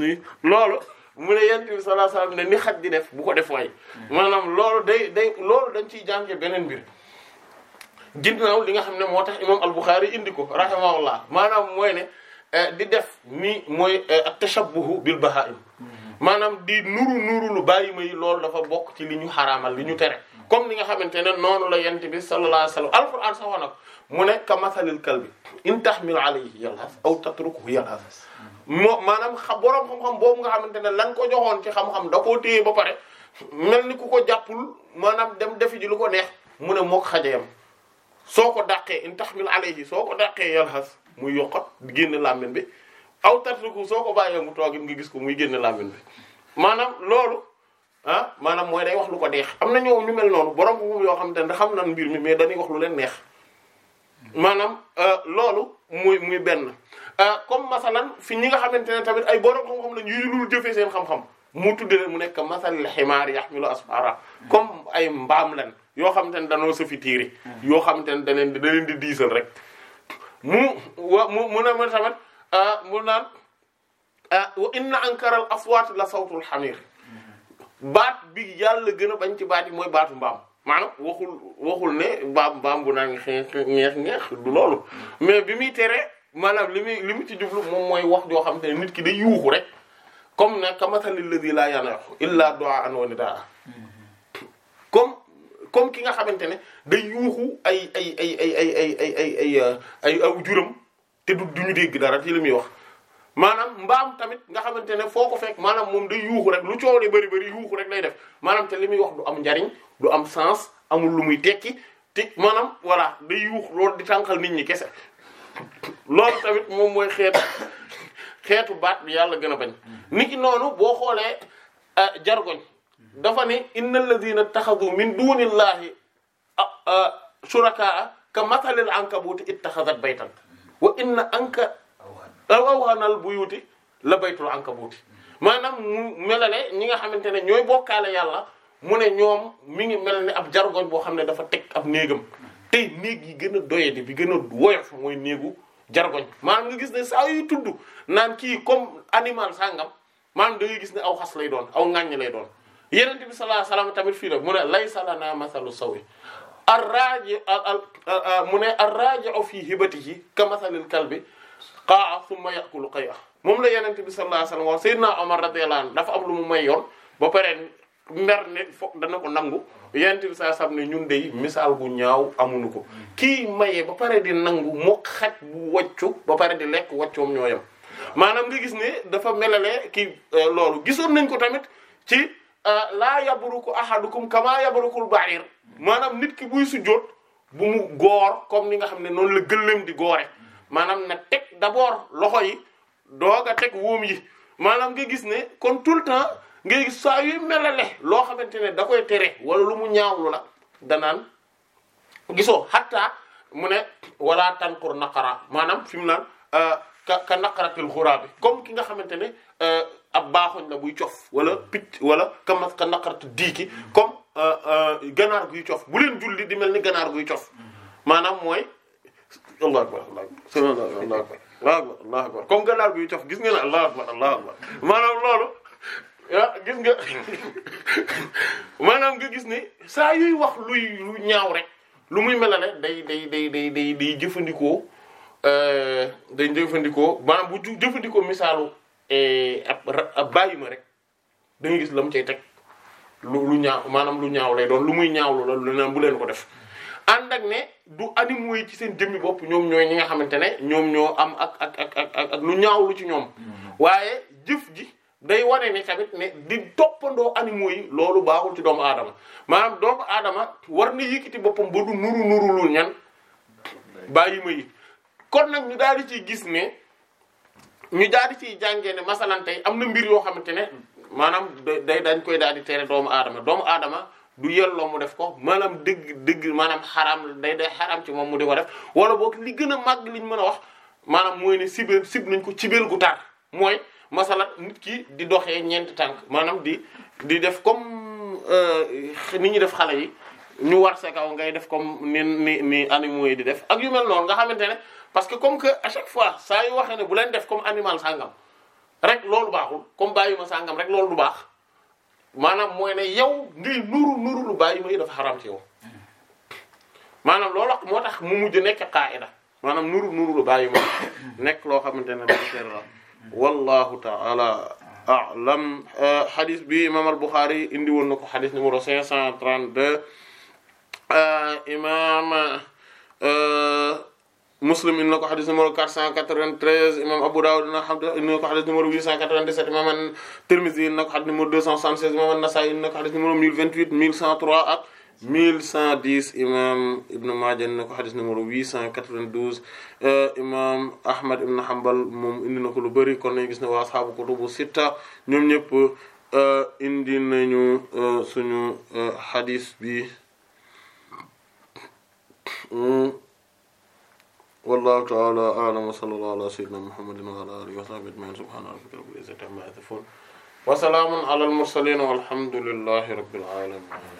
loolu mun ne yent bi sallallahu alayhi ne ni xaj di def bu ko def waay maanaam loolu day day loolu dañ ciy jànge beneen mbir ginnaaw li nga xam ne moo tax imam al-Bukhari indi ko rahimahullah maanaam mooy ne eh, di def nii mooy eh, at-tashabbuh bil baha'im maanaam di nuru nuru lu bàyyi ma yi loolu dafa bokk ci li ñu xaraamal li ñu tere comme ni nga xamante ne noonu la yent bi sallallahu alayhi wasallam al-Qur'an sax wax na ko mu ne ka masalil kalbi in tahmil alayhi yalhas aw tatrukuhu yalhas moo maanaam xam borom xam-xam boobu nga xamante ne lan ko joxoon ci xam-xam da koo téye ba pare mel ni ku ko jàppul maanaam dem defi ji lu ko neex mu ne mook xajayam soo ko dàqee in taxmil alayhi soo ko dàqee yalxas muy yokkat génn làmmin bi aw tartiku soo ko bàyyee mu toogit nga gis ko muy génn làmmiñ bi maanaam loolu ah maanaam mooy day wax lu ko neex am na ñoo ñu mel noonu borom moom yoo xamante ne xam nan mbir mi mais dañuy wax lu leen neex maanaam euh, loolu muy muy benn Euh, comme masalan fi ñi nga xamante ne tamit ay borom xam-xam lañ yu lul jëfee seen xam-xam mu tudde leen mu nekk masalil ximaar yaxmilu asfara comme ay mbaam lan yoo xamante ne danoo sëfi tiiri yoo xamante ne da leen da di diisal rek mu wa mu mu ne mu a euh, mu naan euh, wa inna ankaral aswaat la sawtul xamir baat bi yàlla gën a bañ ci baat yi mooy baatu mbaam maanaam waxul waxul ne baam baam bu naan xeex ñeex du loolu mais bi muy tere maanaam li muy li mu ci jublu moom mooy wax joo xam te ne nit ki day yuuxu rek comme ne kamathalil ladhi la yanaahu illa du'aan wa nidaa comme comme ki nga xamante ne day yuuxu ay ay ay ay ay ay ay ay ay ay aw juram te du duñu dégg dara ci li muy wax maanaam mbaam tamit nga xamante ne foo ko fekk maanaam moom day yuuxu rek lu coow li bëri bëri yuuxu rek lay def maanaam te li muy wax du am njariñ du am sens amul lu muy tekki te maanaam voilà day yuuxu loolu di tànqal nit ñi kese loolu tamit moom mooy xeetu xeetu baat bi yàlla gën a bañ niki noonu boo xoolee euh, jargoñ dafa ne innal ladina taxadu min dunillahi shurakaa ka matalil ankabuuti ittaxadat baytan wa inna anka bu buyuti la baytul ankabuuti maanaam mu melale ñi nga xamante ne ñooy boo kaalee yàlla mu ne ñoom mi ngi mel ni ab jargoñ boo xam ne dafa teg ab néegam tey néeg yi gën a doyadi bi gën a woyof mooy néegu jargoñ maanaam nga gis ne saa yu tudd naan kii comme animal sàngam maanaam da ngay gis ne aw xas lay doon aw ŋàññ lay doon yenente bi sallallahu alayhi tamit fii la mu ne laysa lana mathalu sawi arraji mu ne arraji'u fi hibatihi ka mathalil kalbi qaa'a thumma ya'kulu moom la yenente bi sallallahu alayhi wasallam wax sayyidna Umar radiyallahu anhu dafa am lu mu may yoon ba pare mer ne foog dana ko nangu yonent bi saa sam ne ñun de misaal gu ñaaw amuñu ko kii mayee ba pare di nangu mu xaj bu waccu ba pare di lekk waccoom ñoo yem maanaam nga gis ne dafa melale kii euh, loolu gisoon nañ ko tamit ci euh, laa yabruku ahadukum kama yabrukul ba'ir maanaam nit ki buy sujjóot bu mu goor comme ni nga xam ne noonu la gëléem di goore maanaam na teg d'abord loxo yi doog a teg wóom yi maanaam nga gis ne kon tout temps ngay gis saa yuy melale loo xamante ne da koy tere wala lu mu ñaaw la danaan gisoo xatta mu ne wala tànkur naqara maanaam fi mu naan euh, ka ka naqaratil xuraa bi comme ki nga xamante ne euh, ab baaxoñ la buy cof wala picc wala ka mas ka naqaratu diiki comme euh, ganaar guy cof bu leen julli di mel ni ganaar guy cof maanaam mooy allah akbar allah akbar allah akbar allah comme ganaar guy cof gis nga ne allah akbar allah akbar maanaam loolu ah gis nga <laughs> maanaam nga gis ni saa yuy wax luy lu ñaaw rek lu muy melale day day day day day day jëfandikoo euh, day jëfandikoo maanaam bu jëfandikoo misaalu eh, ab ab bàyyi ma rek da gis la mu cay teg lu lu ñaaw maanaam lu ñaaw lay doon lu muy ñaawlu la lu naan bu leen ko def ànd ak ne du animaux yi ci seen jëmmi bopp ñoom ñooy ñi nga xamante ne ñoom ñoo am ak ak ak lu ñaaw ci ñoom mm-hmm. waaye jëf ji day wane ni tamit ne di toppandoo animaux mooy loolu baaxul ci doomu aadama maanaam doomu aadama war na yëkkati boppam ba du nuru nuru lu ñan yi ma yi kon nag ñu daal di ciy gis ne ñu daal di ciy jàngee ne masalan tey am na mbir yoo xamante ne maanaam day dañ koy daal di tere doomu aadama doomu aadama du yelloo mu def ko maanaam dëgg dëgg maanaam xaraam day day xaraam ci moom mu di ko def wala boog li gën a màgg liñ mën a wax maanaam mooy ne sibeel sib nañ ko cibeel gu tar mooy masala nit kii di doxee ñeenti tànk maanaam di di def comme euh, ni ñuy def xale yi ñu war sa kaw ngay def comme ni ni ni animaux yi di def ak yu mel noonu nga xamante ne parce que comme que à fois saa yu waxee ne bu leen def comme animal sàngam rek loolu baaxul comme bàyyi ma sàngam rek loolu du baax maanaam mooy ne yow ngay nuru nuru lu bàyyi yi dafa xaram ci yow maanaam loolu moo tax mu mujj nekk qaida maanaam nuru nuru lu bàyyi ma nekk loo xamante ne dafa wallahu taala alam xadis euh, bi imam al Bukhari indi woon na ko xadis numéro 532 euh, imam euh, Muslim indi na ko xadis numéro 493 imam Abu Dawud indi na ko xadis numéro 897 imam Tirmidhi indi na ko xadis numéro 276 imam An-Nasa'i indi na ko xadis numéro 1028 1103 ak 1110 imam Ibn Maaja na ko xadis numéro 892 euh, imam Ahmad Ibn Hanbal indi na lu bëri kon nañu gis ne waa asxaabu kutubu sitta ñoom ñëpp euh, indi nañu euh, suñu xadis bi wallahu taala a'lam wa sallallahu ala sayyidina muhammadin wa ala alihi wa sahbihi ajma'in subhana rabbika rabbil izzati amma yasifun wa salaamun ala al mursalin walhamdulillahi rabbil alamin